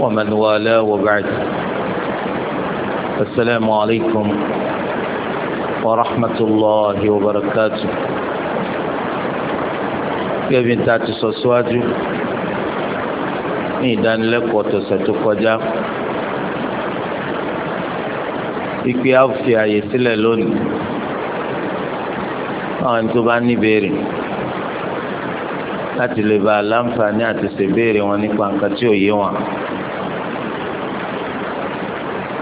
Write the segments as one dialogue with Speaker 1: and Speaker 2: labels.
Speaker 1: ومن والاه وبعد السلام عليكم ورحمة الله وبركاته gẹ́gẹ́ bí n ta ti sọ síwájú ní ìdánilẹ́kọ̀ọ́ tọ̀sẹ̀ tó kọjá ìpè á fi àyè sílẹ̀ lónìí àwọn tó bá ní ìbéèrè láti lè ba láǹfààní àti ṣèbéèrè wọn nípa nǹkan tí ò yé wọn.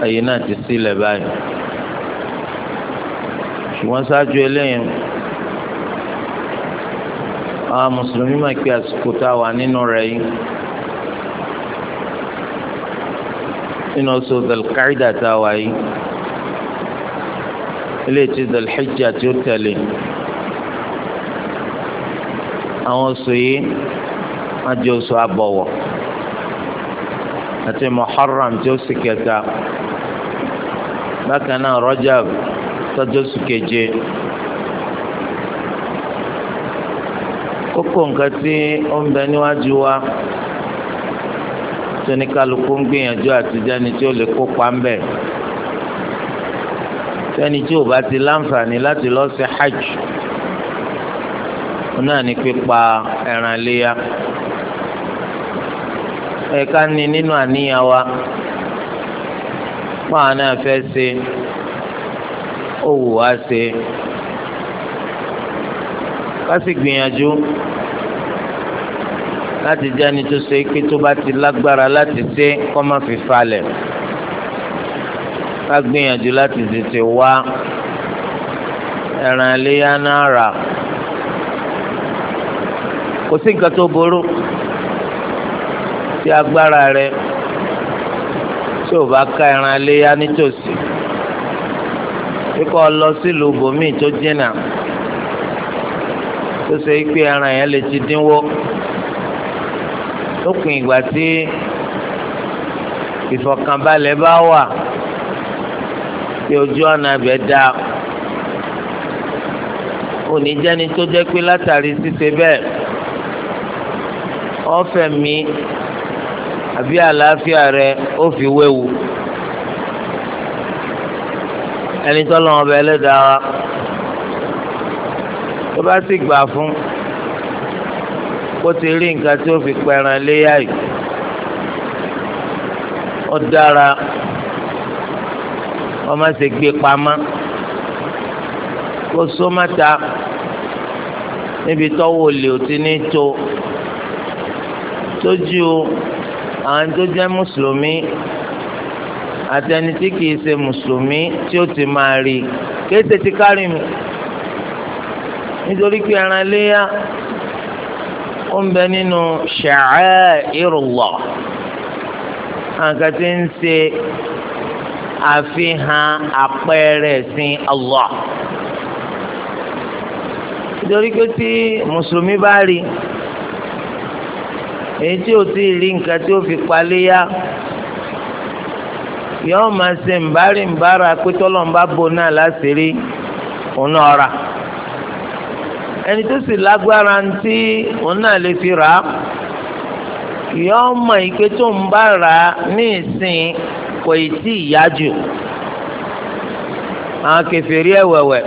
Speaker 1: ayé náà ti sílẹ̀ báyìí ṣùgbọ́n ṣáájú eléyìí àwọn mùsùlùmí máa pe àsìkò tá a wà nínú rẹ̀ yìí nínú oṣù dhul tá a wà yìí ilé tí dhul tí ó tẹ̀lé àwọn oṣù yìí wọ́n jẹ́ oṣù àbọ̀wọ̀ àti muharram tí ó sì kẹta bákan náà rajab tọ́jú oṣù keje. kókó nǹkan tí ó ń bẹ níwájú wa tó ní kálukú ń gbìyànjú àtijọ́ ni tí ó lè kópa ń bẹ̀ sẹ́ni tí ò bá ti láǹfààní láti lọ sí hajj náà ní pípa ẹran léyà ẹ̀ka ni nínú àníyàn wa fáwọn náà fẹ́ ṣe ó wù wá ṣe ká sì gbìyànjú láti jẹ́ ẹni tó ṣe pé tó bá ti lágbára láti ṣe kó má fi falẹ̀ ká gbìyànjú láti tètè wá ẹran léyà náà rà kò sí nǹkan tó burú tí agbára rẹ tí ò bá ká ẹran léyà nítòsí kíkọ́ lọ sílùú bòmíì tó jìnnà tó ṣe é pé ẹran yẹn lè ti dínwó lópin ìgbà tí ìfọ̀kànbalẹ̀ bá wà tí ojú ọ̀nà ibẹ̀ dá oníjẹ́ni tó jẹ́ pé látàrí ṣíṣe bẹ́ẹ̀ ọ̀fẹ́ mi àbí àlàáfíà rẹ ó fi wéwu ẹni tọ́lọ́ ọba ẹlẹ́dàá wa tó bá sì gbà fún kó ti rí nǹkan tí ó fi pẹran léyà yìí ó dára wọ́n má ṣe gbé pamọ́ kó só má níbi tọ́wọ́ olè ò ti ní tó sójú àwọn tó jẹ́ mùsùlùmí àti ẹni tí kìí ṣe mùsùlùmí tí ó ti máa rí kìí ṣe ti kárí mi nítorí pé ẹran léyà ó ń bẹ nínú sha'airullah nǹkan tí ń ṣe àfihàn àpẹẹrẹ ẹ̀sìn Allah nítorí pé tí mùsùlùmí bá rí i èyí tí o ti rí nǹkan tí o fi paléyà yọọ máa ṣe nbárí nbára pé tọ́lọ́mbà bo náà láṣìírí òun náà rà ẹni tó sì lágbára ntí òun náà lè fi rà á yọọ mọ̀ ìpè tó ń bá rà á ní ìsìn kò ì tí ì yá jù àwọn kẹfẹ́ rí ẹ̀wẹ̀wẹ̀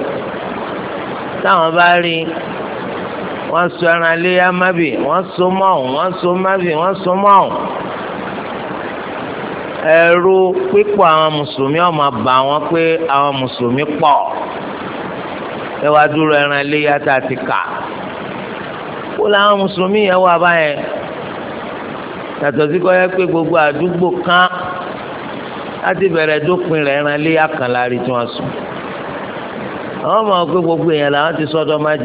Speaker 1: táwọn bá rí i. wọ́n so ẹran léyà mábì wọ́n so wọ́n so mábì wọ́n so mọ́ ọ̀hún. pípọ̀ àwọn mùsùlùmí wọ́n pé àwọn mùsùlùmí pọ̀ ẹ wá dúró ẹran léyà tá a ti kà. kó làwọn mùsùlùmí yẹn wà báyẹn sí yẹ pé gbogbo àdúgbò kan láti bẹ̀rẹ̀ dópin rẹ̀ kan láàrin tí wọ́n sùn. àwọn ọmọ gbogbo èèyàn làwọn ti máa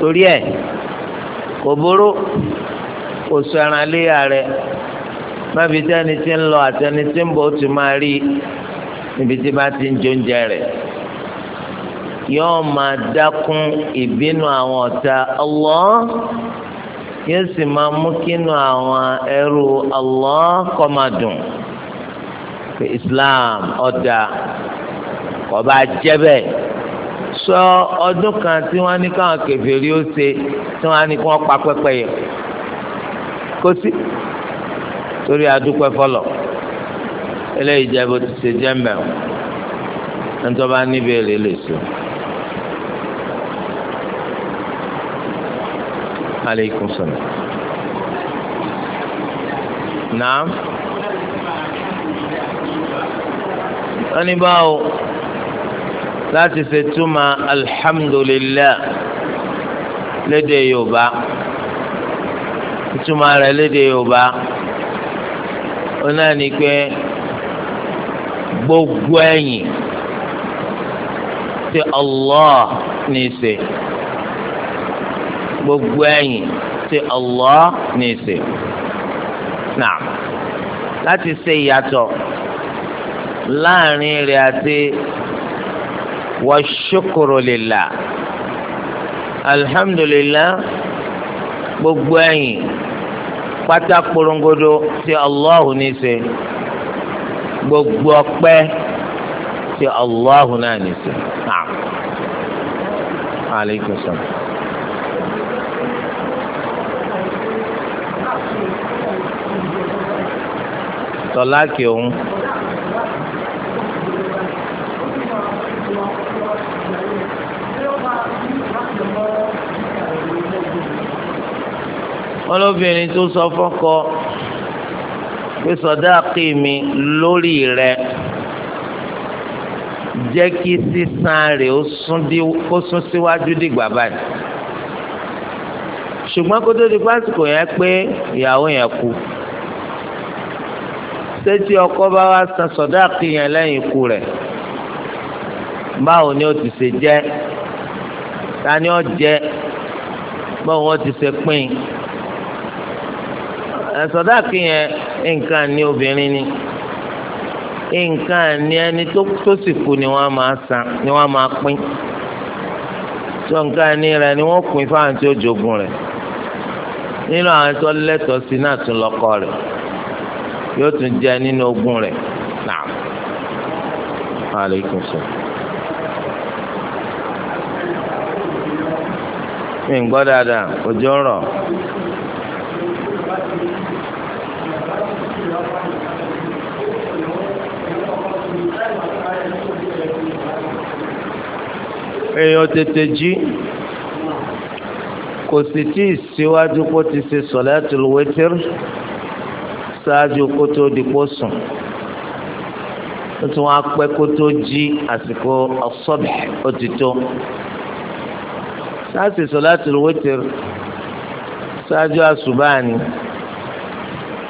Speaker 1: torí ẹ̀ kò burú kò sọ ẹran léyà rẹ̀ má fi tẹ́ni tí ń lọ àtẹni tí ń bọ̀ ó ti máa rí níbi tí bá ti ń jẹ oúnjẹ yóò máa dákún ìbínú àwọn ọ̀tá Allah yóò sì máa mú kínú àwọn ẹrú Allah kó máa dùn Islam ọ̀dà kò bá jẹ́ bẹ́ẹ̀ sọ ọdún kan tí wọ́n ní káwọn kèfèrí ó ṣe tí wọ́n ní kí wọ́n pa pẹ́pẹ́yẹ kò sí torí adúpẹ́ fọlọ̀ eléyìí jẹ́ bó ti ṣe jẹ́ mẹ́rin nítorí wọ́n bá níbi èrè lè so. aleykum salaam. naam. wọ́n ní báwo láti ṣe túmọ̀ alhamdulillah lédè yorùbá ìtumọ̀ rẹ̀ lédè yorùbá ó náà ní pé gbogbo ẹ̀yìn tí Allah ní í ṣe gbogbo ẹ̀yìn tí Allah ní í náà láti ṣe ìyàtọ̀ láàrin rẹ̀ àti wàṣukuru lila alhamdulilah gbogbo ẹ̀yin pátá korongodo ti allahu ní ṣe gbogbo ọpẹ́ ti allahu náà ní ṣe naam aleykum salaam. òun. wọn lóbìnrin tó sọ fọ́kọ pé sọdáàkì mi lórí rẹ jẹ́ kí sísan rẹ̀ ó sún síwájú dìgbà báyìí ṣùgbọ́n kó tó di pásítọ̀ yẹn pé ìyàwó yẹn kú sétí ọkọ bá wá san sọdáàkì yẹn lẹ́yìn ikú rẹ̀ báwo ni ó ti ṣe jẹ́ ta ni ó jẹ́ báwo wọ́n ti ṣe pín in. sọdáàkì yẹn nǹkan ní obìnrin ni nǹkan ní ẹni tó sì kú ni wọ́n máa san ni wọ́n máa pín tó nǹkan ní ni wọ́n pín fáwọn tí ó jogun rẹ̀ nínú àwọn tó lẹ́tọ̀ọ́ sí náà tún lọ́kọ rẹ̀ yóò tún jẹ nínú ogún rẹ̀ náà. mi ń gbọ́ dáadáa ń rọ̀.
Speaker 2: èèyàn tètè
Speaker 1: jí kò sì tí ì síwájú kó ti ṣe sọ̀láàtùl wítìr ṣáájú kó tó dìpọ̀ sùn ó tún wá pẹ́ kó tó jí àsìkò ọ̀sọ́bẹ̀ ó ti tó ṣáàṣì sọ̀láàtùl wítìr ṣáájú àṣùbáàní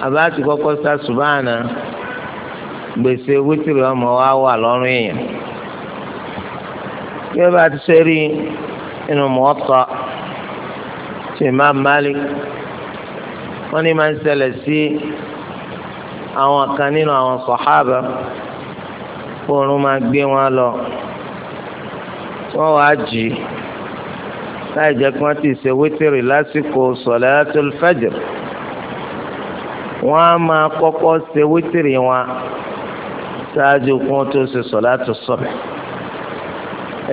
Speaker 1: àbá ti kọ́kọ́ ṣàṣùbáàná gbèsè wítìrì ọmọ wa wà lọ́rùn èèyàn kí wọ́n bá ti ṣe rí inú Muwatta ti Imam Malik wọ́n ní máa ń ṣẹlẹ̀ sí àwọn kan nínú àwọn sọ̀hábà oorun máa gbé wọn lọ wọ́n wàá jì í láì jẹ́ kí wọ́n ti ṣe wítìrì lásìkò sọ̀látul fajr wọ́n á máa kọ́kọ́ ṣe wítìrì wọn ṣáájú kí wọ́n tó ṣe sọ̀látul subh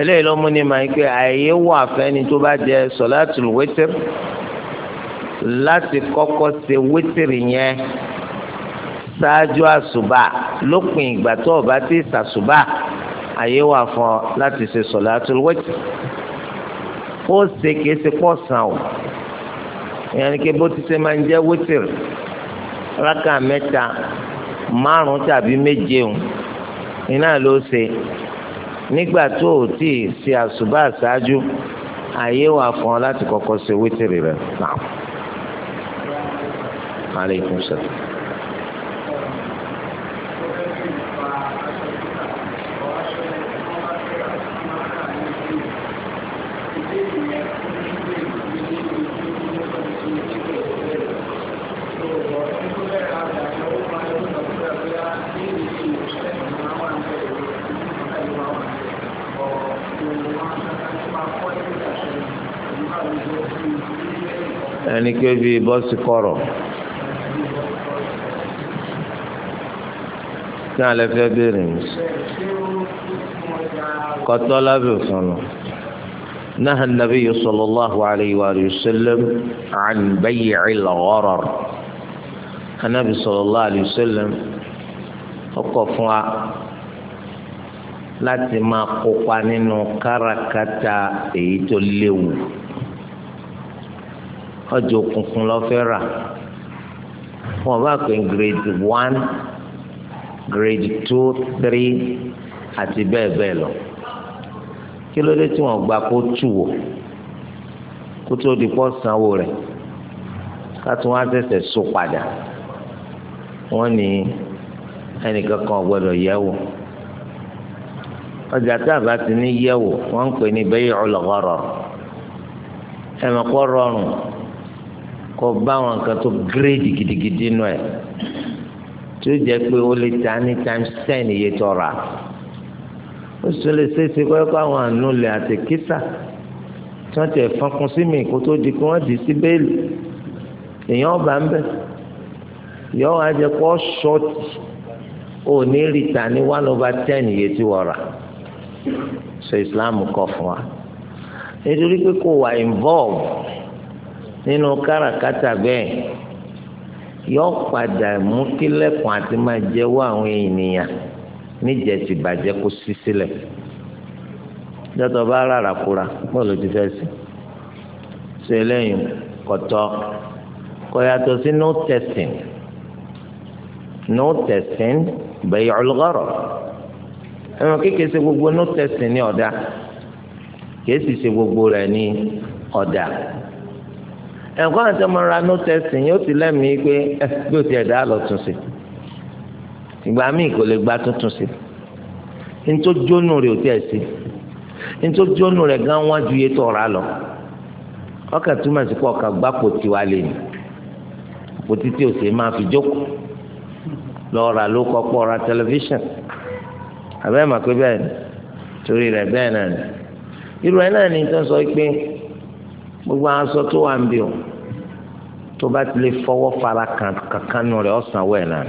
Speaker 1: eléyìí ló mú ni màá pé àyè wà fẹ́ni tó bá jẹ sọ̀láàtù wítìrì láti kọ́kọ́ ṣe wítìrì yẹn ṣáájú àṣùbà lópin ìgbà tó o bá ti ṣàṣùbà àyè wà fún ọ láti ṣe sọ̀láàtù wítìrì ó ṣe kìí ṣe pọ̀ sàn o ìyẹn ni pé bó ti ṣe máa ń jẹ́ wítìrì rákà mẹ́ta márùn tàbí méje o iná ló ṣe nígbà tó o tí ì ṣe àṣùbà ṣáájú àyè wà fún ọ láti kọ́kọ́ ṣe wítìrì rẹ̀ náà. salaam. ké bí bọ́sì kọ̀rọ̀ tí a lè fẹ́ béèrè mi
Speaker 2: kọ́tọ́ lábẹ́ òfin lọ.
Speaker 1: نهى النبي صلى الله عليه وآله وسلم عن بيع الغرر النبي صلى الله عليه وسلم ọkọ̀ fún wa láti máa kópa nínú káràkátà èyí tó léwu ọjà òkùnkùn lọ fẹ́ rà wọn bá pè grade one grade two three àti bẹ́ẹ̀ bẹ́ẹ̀ lọ kí ló dé tí wọ́n gba kó tù wò kó tó di pọ́ sanwó rẹ̀ ká tún wá ṣẹ̀ṣẹ̀ so padà wọ́n ní ẹnìkan kan gbọ́dọ̀ yẹ̀ wò ọjà tá a bá ti ní yẹ̀ wò wọ́n ń pè ní bẹ́ẹ̀ ọlọ́gọ́rọ̀ ẹ̀mọ̀kọ́ rọrùn kọ bá àwọn nǹkan tó gírèdì gidigidi nù ẹ tó jẹ pé ó lè ta ní times ten iye tó rà ó sì lè ṣeéṣe pé kó àwọn ànulẹ̀ àti kíta tí wọ́n ti fọkùn sí mi kó tó di kó wọ́n di sí bẹ́ẹ̀lì èèyàn ọba ń bẹ̀ yọ wá jẹ kó ṣọ́ọ̀tì ò ní rí ní one over ten iye tí wọ́n rà so Islam kọ̀ fún wa nítorí pé kò wà involve nínú káràkátà bẹ́ẹ̀ yọ padà mú kílẹ̀kùn àti máa jẹ́wọ́ àwọn ènìyàn níjẹ́ ti bàjẹ́ kó sí sílẹ̀ jọ́tọ̀ bá rárá kura bó ló ti fẹ́ sí ṣe eléyìí kọ̀tọ́ kò yàtọ̀ sí no testing no testing bẹ̀yẹ̀ ọlọ́gọ́rọ̀ ẹ̀rọ kékeré ṣe gbogbo no testing ní ọ̀dà kìí ṣe gbogbo rẹ̀ ní ọ̀dà. ẹ̀kọ́ àti ọmọ ra no testing yóò ti lẹ́mìí pé bí o ti ẹ̀dá lọ tún sí ìgbà míì kò lè gba tuntun sí ntójónú rẹ̀ ò sí ntójónú rẹ̀ gan lọ ọkà túmọ̀ sí pé ọkà gbá pòtì wa lè ní pòtì tí o sì máa fi jókòó lọ ra ló ra tẹlifíṣàn pé bẹ́ẹ̀ ni torí rẹ̀ bẹ́ẹ̀ sọ pé gbogbo aṣọ tó wà ń o tó bá ti lè fọwọ́ fara kankan nù rẹ̀ ọ̀sán wẹ̀ náà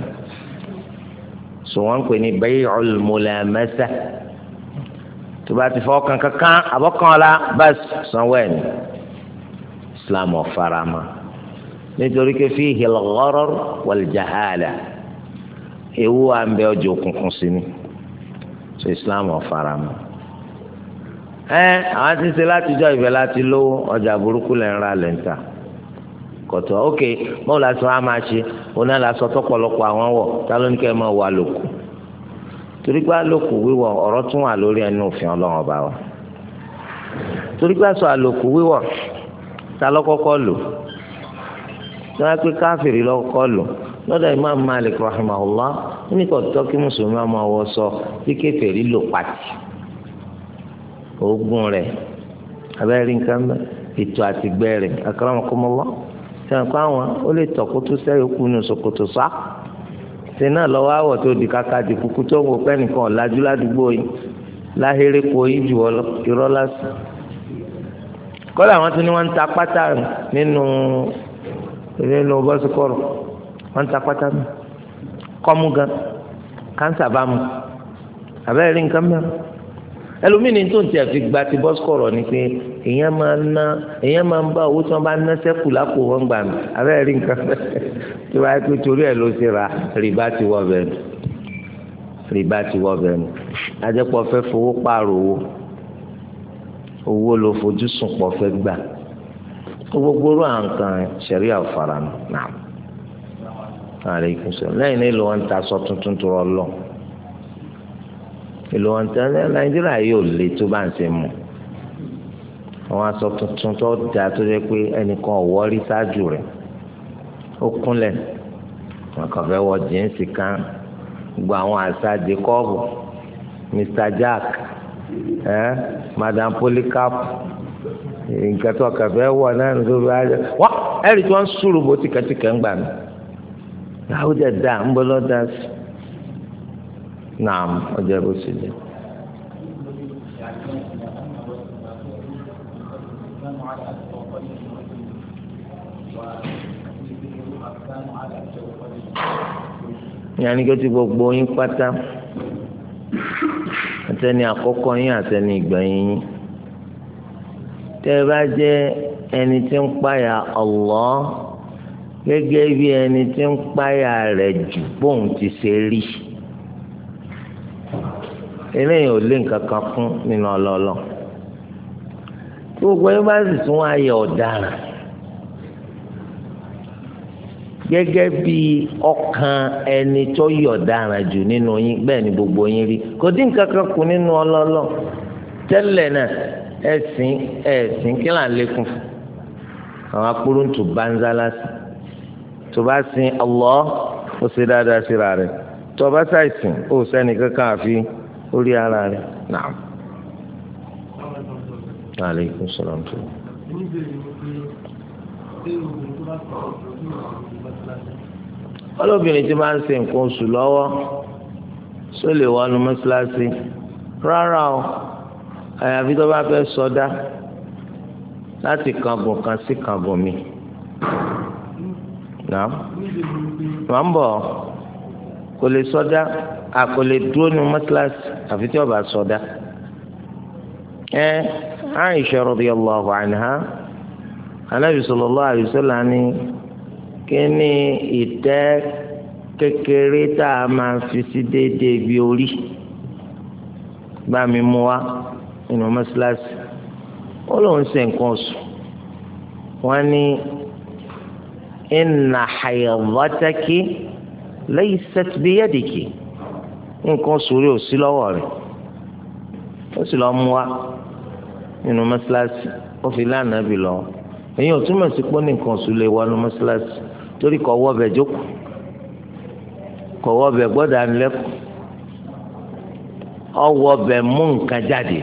Speaker 1: so wọ́n ń pè ní bay'ul mulamasa tó bá ti fọwọ́ kan kankan àbọ̀kan ọ̀la bá sanwó ẹ̀ ní islam ọ̀farama nítorí pé fi hìlọ́rọ́ wàlìjàhálà ewu à ń bẹ ọjọ́ òkùnkùn sí ni so islam ọ̀farama ẹ àwọn ti ṣe látijọ́ ìbẹ̀ láti lówó ọjà burúkú lẹ́ ń ra lẹ́ńtà kọtọ ok báwo la sọ á máa ṣe oná la sọ tọpọlọpọ àwọn wọ ta ló ní kẹ máa wà lóko torí pé àlòkù wíwọ ọ̀rọ̀ tún wà lórí ẹnu òfin Ọlọ́run ọba wa torí pé aṣọ àlòkù wíwọ ta lọkọkọ lò tí wọn pé káfíìrì lọkọkọ lò lọ́dọ̀ Imam Malik rahimahullah ní kò tọ́ kí mùsùlùmí ọmọ wọ sọ bí kèfèrí lò pàtì oògùn rẹ̀ abẹ́rẹ́ nǹkan mẹ́ ètò àtìgbẹ́ rẹ̀ akramakumullah sàn pa wọn ó lè tọ̀ kó tó sẹ́yìn kú nù ṣòkòtò sá ṣe náà lọ́wọ́ àwọ̀ tó di kàkà di kúkú tó ń wo pẹ́ nìkan ọ̀làjú ládùúgbò yìí láhéré po yìí jù ọ irọ́ lásán kọ́lá àwọn tó ní wọ́n ń ta pátá nínú nínú bọ́sùkọ́rọ̀ wọ́n ń ta pátá mi gan káńsà bá mu àbẹ́rẹ́ rí nǹkan mẹ́rin ẹlòmíì ní tó ń tiẹ̀ fi gba ti bọ́sùkọ̀rọ̀ ni pé èèyàn máa ń ná èèyàn máa ń bá owó tí wọ́n bá ná sẹ́kù lápò wọn gbà mí abẹ́rẹ́ rí nǹkan fẹ́ tí wọ́n á pé torí ẹ̀ ló ṣe ra rìbá ti wọ́ bẹ́ẹ̀ nù rìbá ti wọ́ bẹ́ẹ̀ nù ajẹ́pọ̀ fẹ́ fowó pààrọ̀ owó owó ló fojú sùn pọ̀ fẹ́ gbà gbogbo ru àǹkan ṣẹ̀rí àfàràmù náà àlẹ́ ìkùnsẹ̀ lẹ́yìn nílò wọn ta sọ tuntun tó rọ lọ́ọ̀ ìlú wọn tán nàìjíríà yóò le tó bá ń ṣe mu àwọn aṣọ tuntun tó da tó jẹ pé ẹnìkan ọ̀wọ́ rí ṣáájú rẹ̀ ó kúnlẹ̀ wọn kàn fẹ́ wọ jíǹsì kan gbọ́ àwọn àṣà jacob mr jack eh? madam polycarp nǹkan tó ọkàn fẹ́ wọ náà ló bá yẹ wá ẹ̀rí tí wọ́n ń sùrù bó tìkẹ́tìkẹ́ ń gbà mí. láwùjọ dáa ń bọ́ lọ́dà sí naam ọjọ́ ìbò sì jẹ́.
Speaker 2: yanni kí o ti gbogbo yín pátá àtẹni àkọ́kọ́ yín àtẹni ìgbẹ̀yìn yín
Speaker 1: tẹ́ ẹ bá jẹ́ ẹni tí ń páyà Allah gẹ́gẹ́ bí ẹni tí ń páyà rẹ̀ jù bóun ti ṣe rí eléyìí ò lé nǹkan kan fún nínú ọlọ́ọ̀lọ́ gbogbo yín bá sì tún wá yẹ ọ̀daràn gẹ́gẹ́ bí ọkàn ẹni tó yẹ ọ̀daràn jù nínú yín bẹ́ẹ̀ ni gbogbo yín rí kò dín nǹkan kan kù nínú ọlọ́ọ̀lọ́ tẹ́lẹ̀ náà ẹ̀sìn ẹ̀sìn kí là ń lékún fún àwọn akpóróntù banza lásán tó bá sin Allah ó ṣe dáadáa síra rẹ̀ tó bá ṣàìsìn ó sẹ́ni kankan àfi. orí ara rẹ̀ náà. aleykum salaam tó. olóbìnrin tí máa ń ṣe nǹkan oṣù lọ́wọ́ só lè wọnú mọ́ṣáláṣí rárá o àyàfi tó bá fẹ́ sọdá láti kàngùn kan sí kàngùn mi. náà màá ń bọ̀ kò lè sọdá. àkọlé dúró nu mọ́sálásí àfi tí ọba sọdá ẹ Aisha radiyallahu anha Ànábì sallallahu alaihi wasallam ni kí ni ìtẹ́ kékeré tá a máa fi sí déédéé bí orí bá mi mú wa nínú mọ́sálásí ó lóun ṣe nǹkan oṣù wọn ní inna haydhataki laysat biyadiki nǹkan sórí òsí lọ́wọ́ rẹ̀ ó sì lọ́ọ́ mú wa nínú mọ́ṣáláṣí ó fi lánàá bì lọ èyí ò túmọ̀ sí pé nǹkan sùn lè wọnú mọ́ṣáláṣí torí kọ̀ wọ́ bẹ̀ jókòó kọ̀ wọ́ bẹ̀ gbọ́dọ̀ ànilẹ́kọ̀ọ́ ọwọ́ bẹ̀ mú nǹkan jáde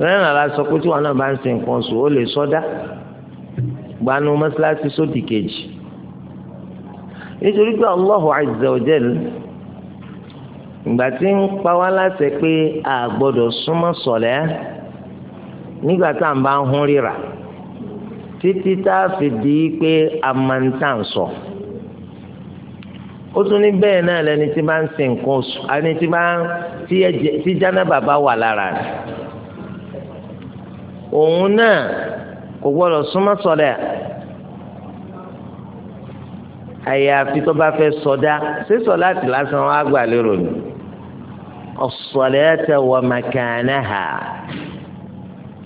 Speaker 1: lẹ́yìn àlá sọ pé tí wọn náà bá ń ṣe nǹkan sùn ó lè sọ́dá gbanu mọ́ṣáláṣí sódì kejì nítorí pé Allahu azza wa jalla ìgbà tí ń pa wá láṣẹ pé a gbọ́dọ̀ súnmọ́ sọ̀lẹ́ nígbà tá à ń bá ń hún ríra títí tá a fi di pé a máa ń tà ń sọ. ó tún ní bẹ́ẹ̀ náà lẹni tí máa ń sin nǹkan oṣù ẹni tí máa ń tí jánábà wà lára rẹ̀. òun náà kò gbọ́dọ̀ súnmọ́ sọ̀lẹ́ àyàfi tó bá fẹ́ sọdá sísọ láti lásán wọn gbà lérò ni. الصلاة ومكانها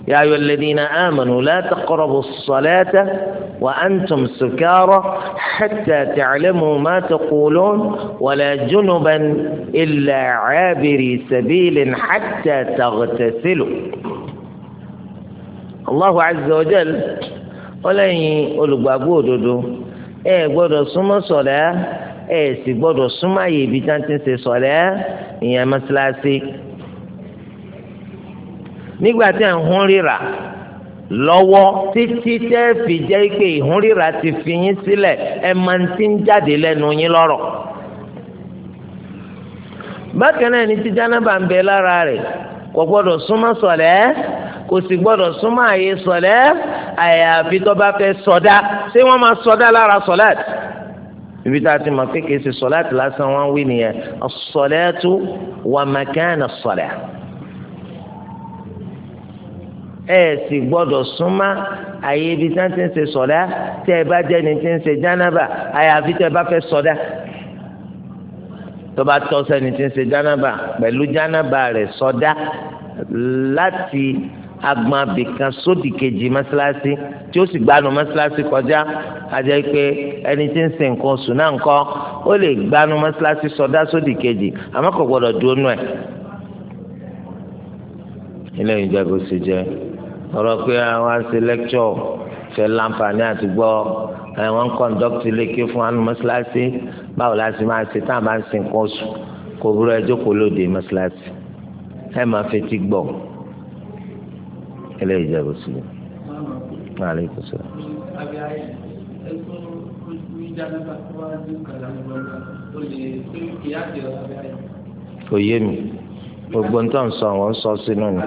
Speaker 1: يا أيها الذين آمنوا لا تقربوا الصلاة وأنتم سكارى حتى تعلموا ما تقولون ولا جنبا إلا عابري سبيل حتى تغتسلوا الله عز وجل ولن بابو دودو إيه بودو صلاة ẹ sì gbọ́dọ̀ súnmọ́ àyè ibi tí wọ́n ti ń ṣe sọ̀lẹ́ ìyẹn mọ́ṣáláṣí. nígbà tí ẹ̀ ń hún ríra lọ́wọ́ títí tẹ́ fi jẹ́ pé ìhún ríra ti fi yín sílẹ̀ ẹ máa ń ti ń jáde lẹ́nu yín lọ́rọ̀. bákan náà ní tí jánábà ń bẹ lára rẹ̀ kò gbọ́dọ̀ súnmọ́ sọ̀lẹ́ kò sì gbọ́dọ̀ súnmọ́ àyè sọ̀lẹ́ àyàfi tó bá fẹ́ sọdá ṣé wọ́n máa sọdá lára sọ̀lẹ́tì ibi tá a ti mọ̀ kékeré ṣe sọ̀láàtì lásán wọ́n wí nìyẹn as-salatu wa makana salah ẹ sì gbọ́dọ̀ súnmọ́ àyè ibi tá a ti ń ṣe sọ̀lá tẹ́ ẹ bá jẹ́ ni ti ń ṣe jánábà àyàfi tẹ́ ẹ bá fẹ́ sọ̀dá tó bá tọ́ ti ń ṣe jánábà pẹ̀lú jánábà rẹ̀ sọ̀dá láti agbọn abìkan sódì kejì mọ́sálásí tí ó sì gbanu mọ́sálásí kọjá ajẹ́ pé ẹni tí ń sin nǹkan oṣù náà ń kọ́ ó lè gbanu mọ́sálásí sọdá sódì kejì àmọ́ kò gbọ́dọ̀ dúró nù ẹ̀. ilé ìjọ kò sì jẹ ọ̀rọ̀ pé àwọn àṣẹ lẹ́kṣọ̀ fẹ́ láǹfààní àti gbọ́ àwọn kọ́ńdọ́kítì lékè fún àwọn mọ́sálásí báwo la sì máa ṣe tá a máa ń sin nǹkan oṣù kò burú ẹjọ́ kò lóde mọ́sálásí ẹ máa fetí gbọ́ eléyìí jẹ́ bó sílẹ̀ náà lè kó sọ. kò yé mi gbogbo ń tàn sọ àwọn sọ sínú ni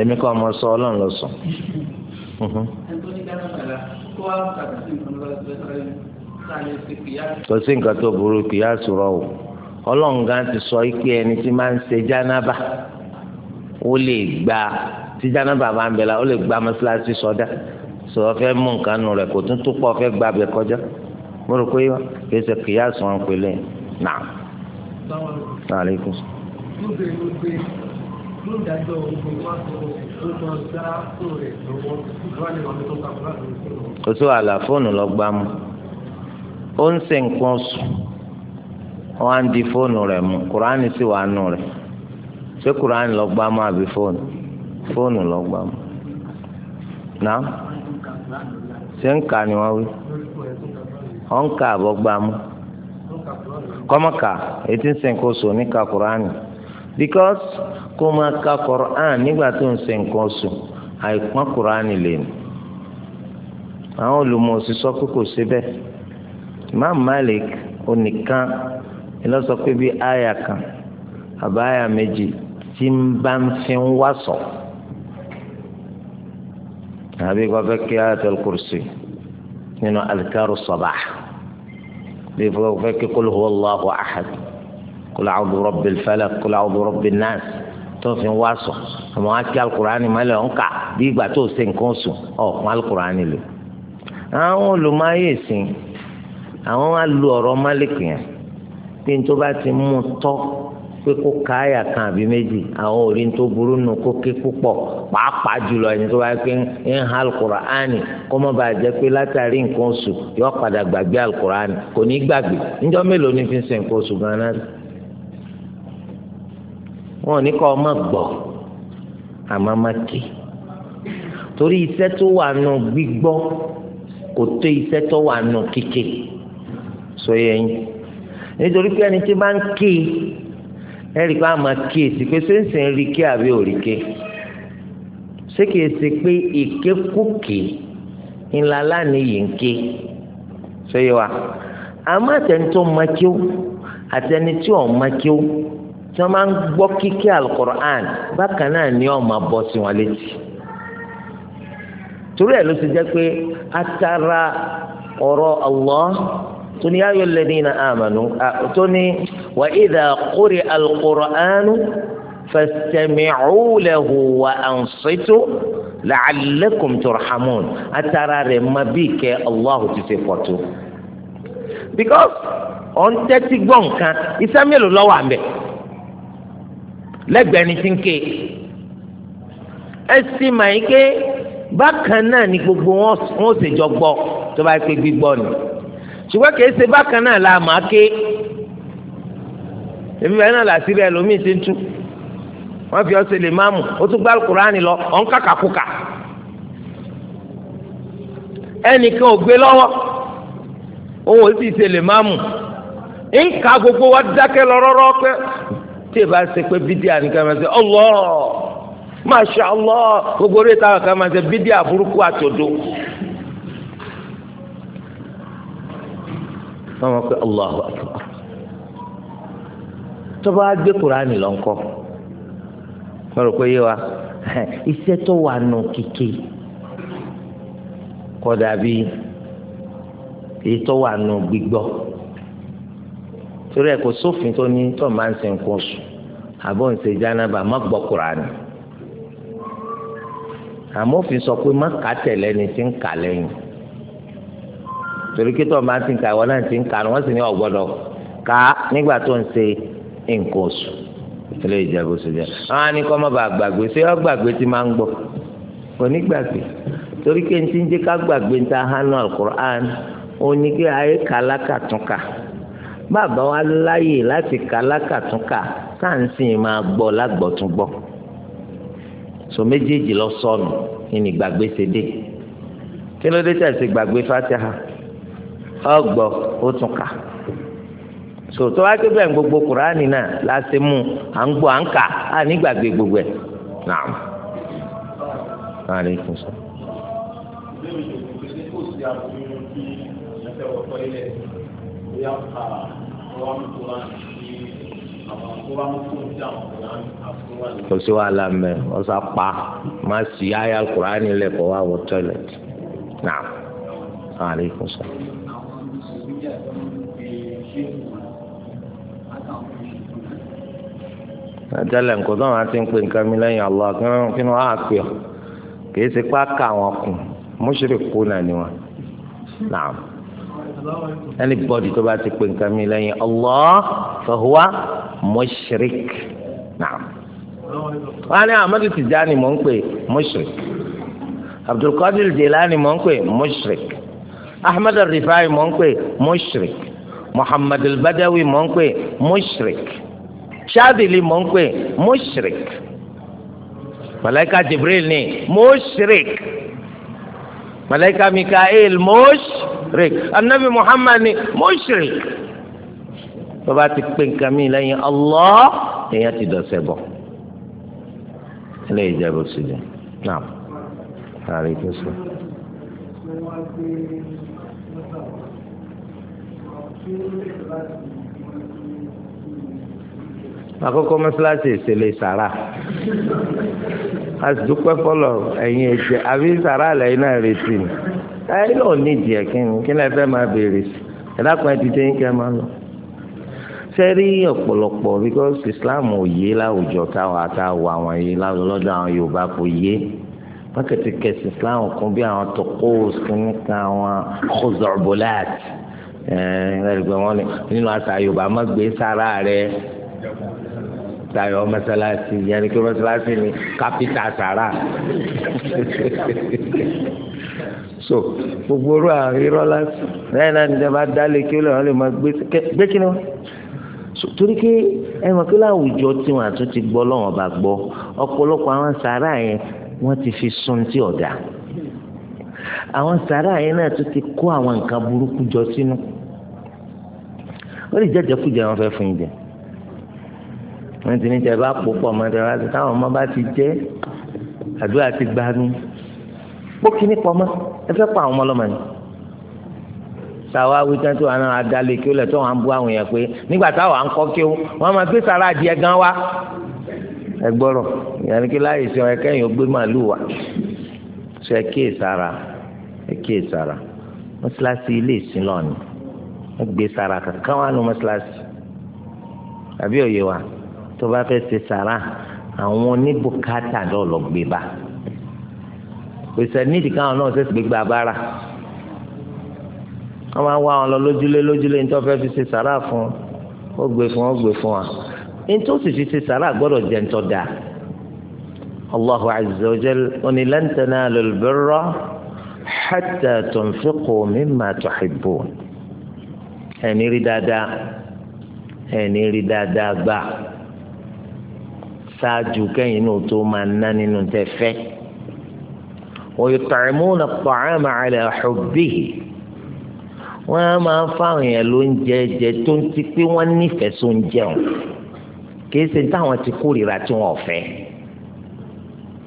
Speaker 1: èmi kọ́ ọmọ sọ ọlọ́run lọ sọ.
Speaker 2: kò sí nǹkan tó burú kìí àsùrọ̀
Speaker 1: o ọlọ́run gan ti sọ pé ẹni tí máa ń ṣe jánábà ó lè gba tí jánábà bá ń bẹ la ó lè gba mọ́ṣáláṣí sọdá sọ fẹ́ mú nǹkan nù rẹ̀ kò tún tó pọ̀ fẹ́ gba abẹ kọjá mo rò pé kì í ṣe kìyà sùn wọn pẹ̀lẹ́ náà. aleykum.
Speaker 2: yóò bẹ̀rẹ̀ ló pé ló ń dájọ́ ogun wá sọ ló mọ dá fóònù rẹ̀ lọ́wọ́
Speaker 1: ìwà lọ gbá mu ó ń ṣe nǹkan sùn wọn á di fóònù rẹ̀ mú kùránì sì wàá nù rẹ̀ ṣé kuraani lọ gbá mọ́ àbí fóònù fóònù lọ gbá mọ́ náà ṣé ń kà ni wọ́n wí ọ̀ ń kà àbọ̀ gbá mọ́ kọ́mọ́kà etí ń sìn kó so níka kuraani because kó máa ka kuraani nígbà tó ń sìn kó so àìpọ́n kuraani lè ní àwọn olùmọ̀ọ́sí sọ pé kò sí Imam Malik onìkan ìlọsọ pé bíi àyà kan àbá méjì tí ń bá ń fi ń wá sọ àbí kọfẹ kí ayatul kursi nínú alikaru sabah bí kọfẹ kí kul huwallahu ahad kul a'udhu birabbil falaq kul a'udhu birabbin nas tó fi ń wá sọ àmọ́ wá kí alukurani má lè ń kà bí ìgbà tó ṣe nǹkan sùn ọ̀kun alukurani lò àwọn olùmọ̀ayé sìn àwọn á ọ̀rọ̀ málìkì yẹn pé n tó bá ti mú tọ́ pé kó káyà kan àbí méjì àwọn òrí tó burú nù kó ké púpọ̀ pàápàá jùlọ ẹni tó bá pé ń ha alukur'ani kó má bàa jẹ́ pé látàrí nǹkan oṣù yọ padà gbàgbé alukur'ani kò ní gbàgbé níjọ́ mélòó ni fi ń ṣe nǹkan oṣù gan-an rí wọn ò ní kọ́ ọ má gbọ́ àmọ́ má ké torí iṣẹ́ tó wà nù gbígbọ́ kò tó iṣẹ́ tó wà nù kíké sọ yẹn nítorí pé ẹni tí bá ń ké ẹ̀rí pé àmà kíyèsí pé sẹ́ńsẹ̀ ń rí kí àbí ò rí ké ṣé kìí ṣe pé ìkékùké ńlá lánìí yìí ń ké ṣé yẹ wa àmọ́ àtẹni tó ma kíó àtẹni tí ò ma tí wọ́n máa ń ni ọ̀ máa bọ́ sí wọn létí torí ẹ̀ ti jẹ́ pé atara ọ̀rọ̀ Allah tó ní ayọ̀ lẹ́ni náà àmàlú tó ní. وإذا قرئ القرآن فاستمعوا له وأنصتوا لعلكم ترحمون أترى ما بك الله تسفته because ọ̀n tẹ́tí gbọ́ nǹkan iṣẹ́ mélòó lọ́wọ́ àmì lẹ́gbẹ̀ẹ́ ni ti ń ké ẹ sì mà yín ké bákan náà ni gbogbo wọn ò ṣèjọ gbọ́ tó bá yẹ pé gbígbọ́ ni ṣùgbọ́n kì í ṣe bákan náà la mà ké. èmi bẹ́ẹ̀ náà làásìrì ẹlòmíì ṣe ń tú wọ́n fi ọsẹ lè máàmù ó tún gbá lọ ọ̀n kàkàkùkà ẹnìkan ò gbé òun ò sì ṣe lè máàmù nǹka gbogbo wa dákẹ́ lọ́rọ́rọ́ pé tí ì bá ṣe pé bídíà nìkan máa ṣe masha Allah gbogbo orí ìta kan máa ṣe bídíà burúkú àtòdó. tó bá gbé kuraani lọ ńkọ́ mo rò pé yé wa iṣẹ́ tó wà nù kíkì kò dàbí èyí tó wà nù gbígbọ́ torí ẹ̀ kò sófin tó ní tó máa ń ṣe nǹkan oṣù àbọ̀ ń ṣe jánábà má gbọ́ kuraani àmọ́ òfin sọ pé má kà tẹ̀lé ni ti ń kà lẹ́yìn torí kí tó máa ti ń kà ìwọ náà ti ń kà wọ́n sì ní ọ̀gbọ́dọ̀ ká nígbà tó ń ṣe nǹkan oṣù ilé ìjẹ́bù síbi ẹ̀ àwọn anìkọ́ má bàa gbàgbé ṣé ọ gbàgbé ti máa ń gbọ́ kò ní gbàgbé torí pé ní ti ń jẹ́ ká gbàgbé ní ta hánú alukur'an òní kí ayé kàlákàtúnkà bàbá wa láyè láti kàlákàtúnkà tá à ń sìn máa gbọ́ lágbọ̀túngbọ́ so méjèèjì lọ sọnù ìní gbàgbé ṣe dé kí ló dé tẹ̀sí gbàgbé fatiha ọgbọ́ ó tún kà so tó wá pé bẹ́ẹ̀ gbogbo kùránì náà láti mú à ń gbọ́ à ń kà á nígbàgbé gbogbo ẹ̀ naam. Aleykum salaam. kò sí wàhálà mẹ ọsà pa má sì áyà kùránì lẹ kó wà wọ tọ́lẹ̀tì naam. Aleykum salaam. tẹ́lẹ̀ nǹkan tó àwọn àti ń pè nǹkan mi lẹ́yìn Allah kí ni wọ́n á pè ọ́ kìí ṣe pá ká wọn kùn mùṣírikù náà ni wọn. Naam. Anybody tó bá ti pè nǹkan mi lẹ́yìn Allah fa huwa mushrik. Naam. Wọ́n á ní Ahmadu Tijani mò ń pè mushrik. Abdul Qadir Jilani mò ń pè mushrik. Ahmad Rifai mò ń pè mushrik. Muhammad badawi mò ń pè mushrik ṣáàdìlì mọ̀ ń pè mushrik màláíkà jibril ni mushrik màláíkà mikael mushrik anabi muhammad ni mushrik tó bá ti pè nǹkan mi lẹ́yìn allah èèyàn ti dọ̀sẹ̀ bọ̀ ilé ìjẹ́bù sílẹ̀ náà
Speaker 2: ààrẹ tó sọ. Thank you
Speaker 1: àkọ́kọ́ mọ́sálásí ìṣẹ̀lẹ̀ sàrà a sì dúpẹ́ fọlọ ẹ̀yin ẹ̀jẹ̀ àbí sàrà lẹ́yìn náà retí ni ẹ lọ ní ìdíyẹ kí ni kí ni ẹ fẹ́ máa béèrè sí ẹ dákun ẹ ti dé kí ẹ máa lọ. sẹ́rí ọ̀pọ̀lọpọ̀ because Islam ò yé láwùjọ táwọn àtàwọn àwọn yé lọ́dọ̀ àwọn Yorùbá kò yé wákàtí kẹsì Islam kún bí àwọn tọkọ́s kìíní kan àwọn kọ́sọ̀bọ̀láàt ẹ̀ẹ́dẹ̀gbẹ̀ wọn nínú àṣà Yorùbá má gbé sára rẹ̀ tayọ mọ́sálásí yẹnni kí mọ́sálásí ni kápítà sàrà so gbogbo orú àwọn irọ́ lásì lẹ́yìn náà níjẹ́ bá dálé kí olè wọn lè máa gbé kí ni wọn. torí pé ẹ mọ̀ pé láwùjọ tí wọn àtún ti gbọ́ lọ́wọ́n bá gbọ́ ọ̀pọ̀lọpọ̀ àwọn sàrà yẹn wọ́n ti fi sun tí ọ̀dà àwọn sàrà yẹn náà tún ti kó àwọn nǹkan burúkú jọ sínú ó lè jẹ́jẹ́ kújẹ́ wọn fẹ́ fún yín jẹ́ wọ́n ti ní tẹ bá pò pọ̀ mọ́tò wá sí táwọn ọmọ bá ti jẹ́ àdúrà ti gbá mi ó kí ní pọmọ́ ẹ fẹ́ pa àwọn ọmọ ọlọ́mọ ni tàwa wí tán tó wà náà adalẹ̀ kí ó lẹ̀ tó wà ń bú àwọn yẹn pé nígbà táwa ń kọ́ kí ó wọ́n máa gbé sara adìẹ gan wa ẹ gbọ́rọ̀ ìyànní kí láyé sọ ẹkẹ́yìn ó gbé màlúù wa sọ ẹ kíyè sára ẹ kíyè sára mọ́sálásí ilé ìsìn lọ́ọ̀ni ẹ gbé sara kankan wà ní mọ́sálásí àbí òye wa tó bá fẹ́ ṣe sàrà àwọn oníbùkátà náà lọ gbé bá pèsè nídìí káwọn náà ṣẹ̀ṣẹ̀ gbégbá bára wọ́n máa wá wọn lọ lójúlé lójúlé ní tó fẹ́ fi ṣe sàrà fún ó gbé fún ó gbé fún wa ní tó sì fi ṣe sàrà gbọ́dọ̀ jẹ́ ń tọ́ da Allahu azza wa jal oni lan tanalul birra hatta tunfiqu mimma tuhibbun ẹni rí dáadáa ẹni ṣáájú kẹ́yìn náà tó máa ná nínú tẹ́ fẹ́. wa yut'imuna at-ta'ama ala hubbihi wọ́n á máa fáwọn èèyàn lóúnjẹ jẹ tó ń ti pé wọ́n nífẹ̀ẹ́ sóúnjẹ o kì í ṣe táwọn ti kórìíra tí wọ́n fẹ́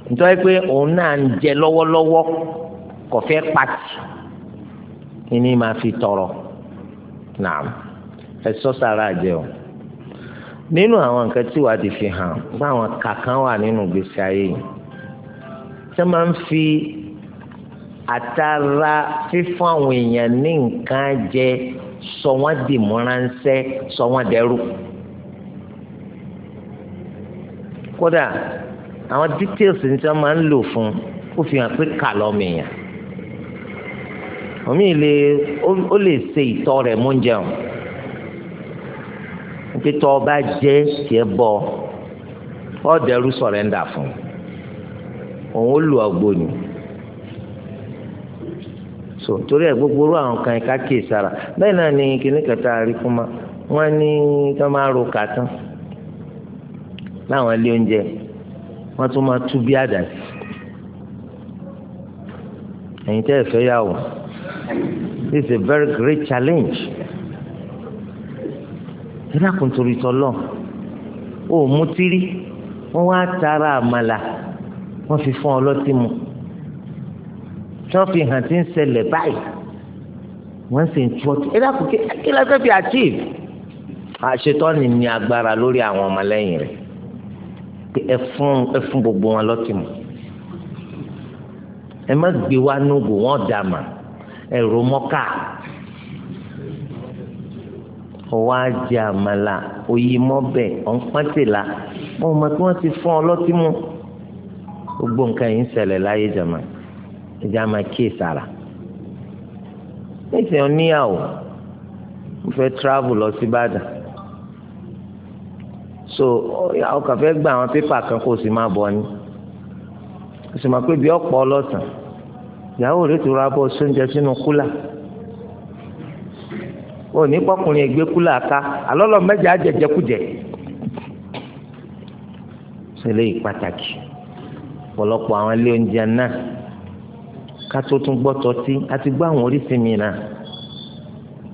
Speaker 1: nítorí pé òun náà ń jẹ lọ́wọ́lọ́wọ́ kò fẹ́ pàtì ìní máa fi tọrọ naam ẹ sọ sára jẹ nínú àwọn nǹkan tí ìwádìí fi hàn pé àwọn kàkan wà nínú ìgbésí ayé yìí tí wọ́n máa ń fi àtàrà fífún àwọn èèyàn ní nǹkan jẹ sọ wọ́n di múránṣẹ́ sọ wọ́n dẹrú kódà àwọn details ní tí wọ́n máa ń lò fún ó fi hàn pé kà lọ́mọ omi ìlé ó lè ṣe ìtọ́ rẹ̀ mú jẹun pé ọba jẹ́ tiẹ̀ bọ́ ọ̀dẹ̀rú sọ̀rẹ́ndà fún òun ó lu ọgbóni so torí ẹ gbogbo orú àwọn kan ká kíyè sára bẹ́ẹ̀ náà ni kíní kẹta rí fún ní kí máa ro kàtán láwọn ilé oúnjẹ wọ́n tún máa tú bí àdàsí ẹ̀yin tẹ́ ẹ fẹ́ yà wò this is a very great challenge ẹ dákun torí tọlọ o mutí rí wọn wá tara àmàlà wọn fi fún ọlọ́tí mu tí wọn fi hàn tí ń ṣẹlẹ̀ báyìí wọn sì ń tú ọtí ẹ dákun
Speaker 2: kí lọ fẹ́ fi achieve
Speaker 1: àṣetọ́ni ní agbára lórí àwọn ọmọlẹ́yìn rẹ̀ pé ẹ fún ẹ fún gbogbo wọn lọ́tí mu ẹ má gbé wa nógò wọn dà mà ẹ rò mọ́ká. E ọwọ́ ajé àmàlà òyì mọ́bẹ̀ ọ̀npátìlá wọn mọ̀ tí wọ́n ti fún ọ lọ́tí mu gbogbo nǹkan yìí ń ṣẹlẹ̀ láyé jàmà ẹja máa kíyè oníyàwó mo fẹ́ travel lọ sí Ìbàdàn so àwọn kan fẹ́ gba àwọn pépà kan kó o sì máa bọ̀ ni o sì máa pé bí ọ̀pọ̀ ọlọ́sàn ìyàwó rẹ̀ tó ra sóúnjẹ sínú kúlà. o ní kọkùnrin ẹgbẹ́ kúlà ká alọ́lọ́ mẹ́jọ ajẹjẹkújẹ ṣẹlẹ̀ yìí pàtàkì ọ̀pọ̀lọpọ̀ àwọn ilé oúnjẹ náà ká tún gbọ tọ́tí àti gbọ́ àwọn oríṣi náà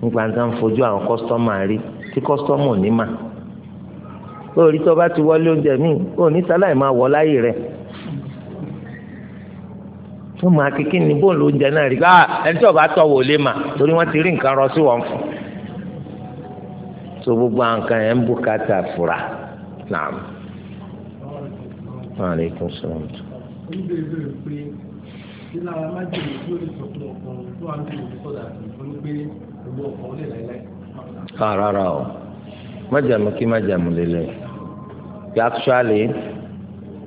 Speaker 1: nígbà tí fojú àwọn kọ́sítọ́mà rí tí ò ní mà tó bá ti wọlé oúnjẹ míì o ní sáláì máa wọ láyè rẹ̀ tó máa kékeré ní oúnjẹ náà rí ká ẹni tí ọba tọ wò lé torí ti rí nǹkan rọ sí so gbogbo àǹkan yẹn ń bùkátà fura naam. aleykum salaam.
Speaker 2: Ah, rárá o
Speaker 1: májàmú kí májàmú lélẹ̀ kí actually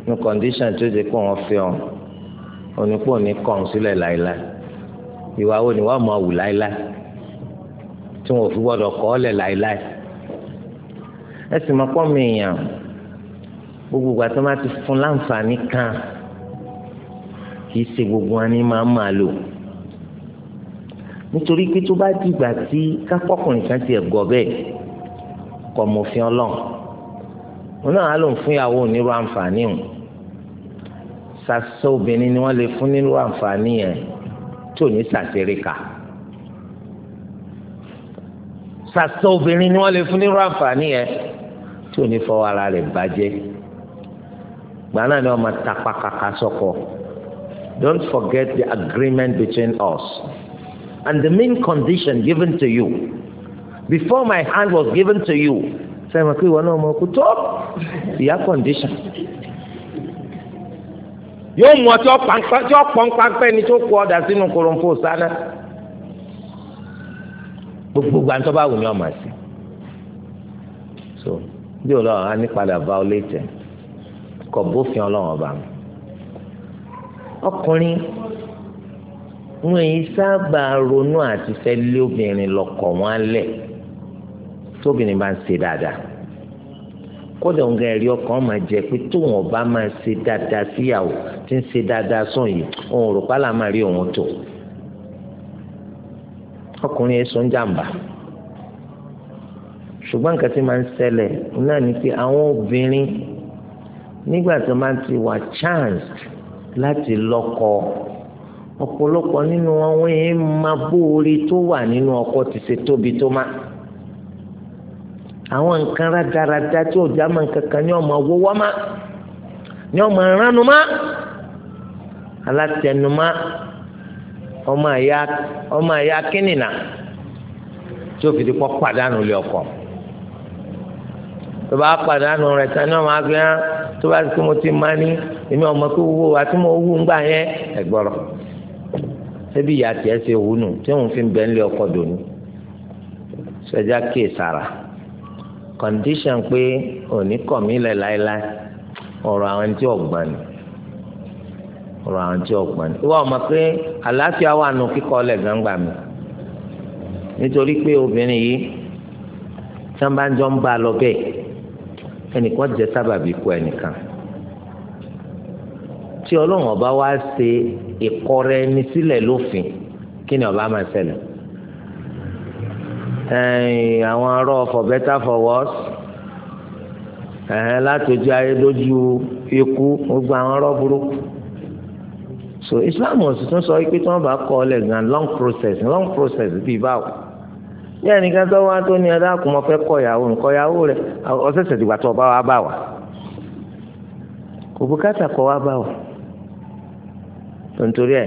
Speaker 1: ní condition tó ṣe kó wọn fi ọ onípò ní kàn sílẹ̀ láéláé ìwà wo ni wọ́n máa wù láéláé tí wọn ò fi gbọ́dọ̀ kọ́ ọ́ lẹ̀ láéláé ẹ sì máa pọ́ mi èèyàn gbogbo ìgbà tó máa ti fún láǹfààní kan kì í ṣe gbogbo wọn ni máa máa lò nítorí pé tó bá di ìgbà tí kápọ́kùnrin kan ti ẹ̀gọ́ bẹ́ẹ̀ kọ̀ mọ̀fin ọlọ́run wọn náà á lò fún ìyàwó onírú àǹfààní o sàṣọ obìnrin ni wọ́n lè fún nírú àǹfààní yẹn tí ò ní sàṣeré kà sàṣọ obìnrin ni wọ́n lè fún nírú àǹfààní yẹn tí ní fọwọ́ ara rẹ̀ bàjẹ́ gbà ni wọ́n máa tapá kàkà sọ́kọ. Don't forget the agreement between us and the main condition given to you before my hand was given to you sẹ́yìn mọ̀ pé ìwọ náà mọ̀ kó tó ìyá condition yóò mú ọtí ọpọnpápẹ ni tó kú ọdà sínú koronfo sáná gbogbo gbàǹtọ́ bá wù ní ọmọ sí so bí ọlọ́run á ní padà violate kò bófin ọlọ́run ọba mi. ọkùnrin wọn yìí sábà ronú àti fẹ́ lé obìnrin lọ́kọ̀ wọn lẹ̀ tóbìnrin bá ń ṣe dáadáa kódà ń gan ẹ̀rí ọkàn máa jẹ pé tóun ọba máa ṣe dáadáa síyàwó tí ń ṣe dáadáa sùn yìí òun rò pálá máa rí òun tó ọkùnrin yẹn sọ ń jàǹbá ṣùgbọ́n nǹkan tí máa ń ṣẹlẹ̀ náà ni pé àwọn obìnrin nígbà tó máa ti wà chance láti lọ́kọ ọ̀pọ̀lọpọ̀ nínú àwọn èèyàn máa bóore tó wà nínú ọkọ ti ṣe tóbi tó má àwọn nǹkan rádaràda tí òjá máa ń kankan ní ọmọ wọ́wọ́ má ní ọmọ ìranu má alátẹnumá ọmọ àyà ọmọ àyà kínìnà tí ó fi di kọ́ pàdánù lé ọkọ tó bá pàdánù rẹ̀ tán ní ọmọ agbẹ́ hàn tó bá ti kí mo ti máa ní èmi ọmọ kí wúwo àti mo wú ń gbà yẹn ẹ̀gbọ́rọ̀ ṣebí ìyá tiẹ̀ ṣe wù nù tí òun fi bẹ́ẹ̀ lé ọkọ̀ dòní sọjá kè sára kọ̀ǹdíṣàn pé òní kọ̀ mí lẹ̀ láéláé ọ̀rọ̀ àwọn tí ọ̀gbọ́n ni ọ̀rọ̀ àwọn tí ọ̀gbọ́n ni ìwọ ọmọ pé àlàáfíà wà nù kíkọ́ lẹ̀ gbangba mi nítorí pé obìnrin yìí tí ń bá a lọ bẹ́ẹ̀ ẹnìkan jẹ́ sábàbí kú ẹnìkan tí ọlọ́run ọba wá ṣe ìkọrẹ ẹni sílẹ̀ lófin kí ni ọba máa ṣẹlẹ̀ ẹ̀yìn àwọn arọ for better for worse ẹ̀hẹ́n látòjú ayé lójú ikú gbogbo àwọn arọ burúkú so Islam ọ̀sùn tún sọ pé tí wọ́n bá kọ́ ọ lẹ̀ long process long process bíi báwo. bí ẹnìkan tó wá tó ní ẹdá kò mọ fẹ́ rẹ ọsẹsẹ tó wa bá wa kọ wa bá wa tontori ẹ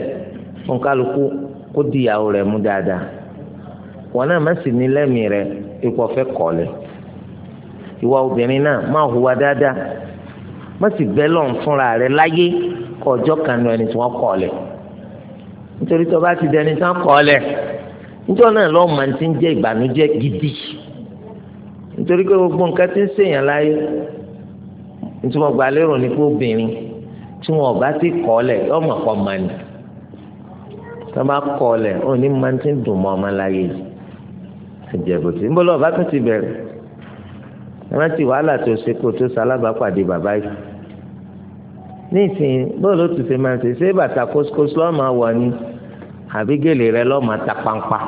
Speaker 1: kó di ìyàwó rẹ mú dáadáa wọn náà má sì ní lẹ́mìí rẹ ipò ọ̀fẹ́ kọ̀ọ̀lẹ̀ ìwà obìnrin náà hùwà dáadáa má sì fúnra rẹ láyé kọjọ́ kanu ẹni tí wọ́n nítorí tó bá ti dẹni níjọ́ náà lọ́ọ́ máa ti ń jẹ́ ìbànújẹ́ gidi nítorí pé gbogbo nǹkan ti ń ṣèyàn láyé nítorí wọn gba lérò ní pé obìnrin tí wọn bá ti kọ́ lẹ̀ ọmọ kọ́ máa nì tó bá kọ́ lẹ̀ ó ní máa ti ń dùn mọ́ ọmọ láyé ìjẹ̀bùtì ń bọ́ lọ́ọ́ bá tún ti bẹ̀rẹ̀ rántí wàhálà tó ṣe kó tó ṣalábàápàdé bàbá yìí nísìnyí bọ́ọ̀lù ó ti ṣe máa ṣe ṣé bàtà kóṣkóṣ lọ́ọ́ máa wọ̀ ni àbí gèlè rẹ lọ́mọ ta pampa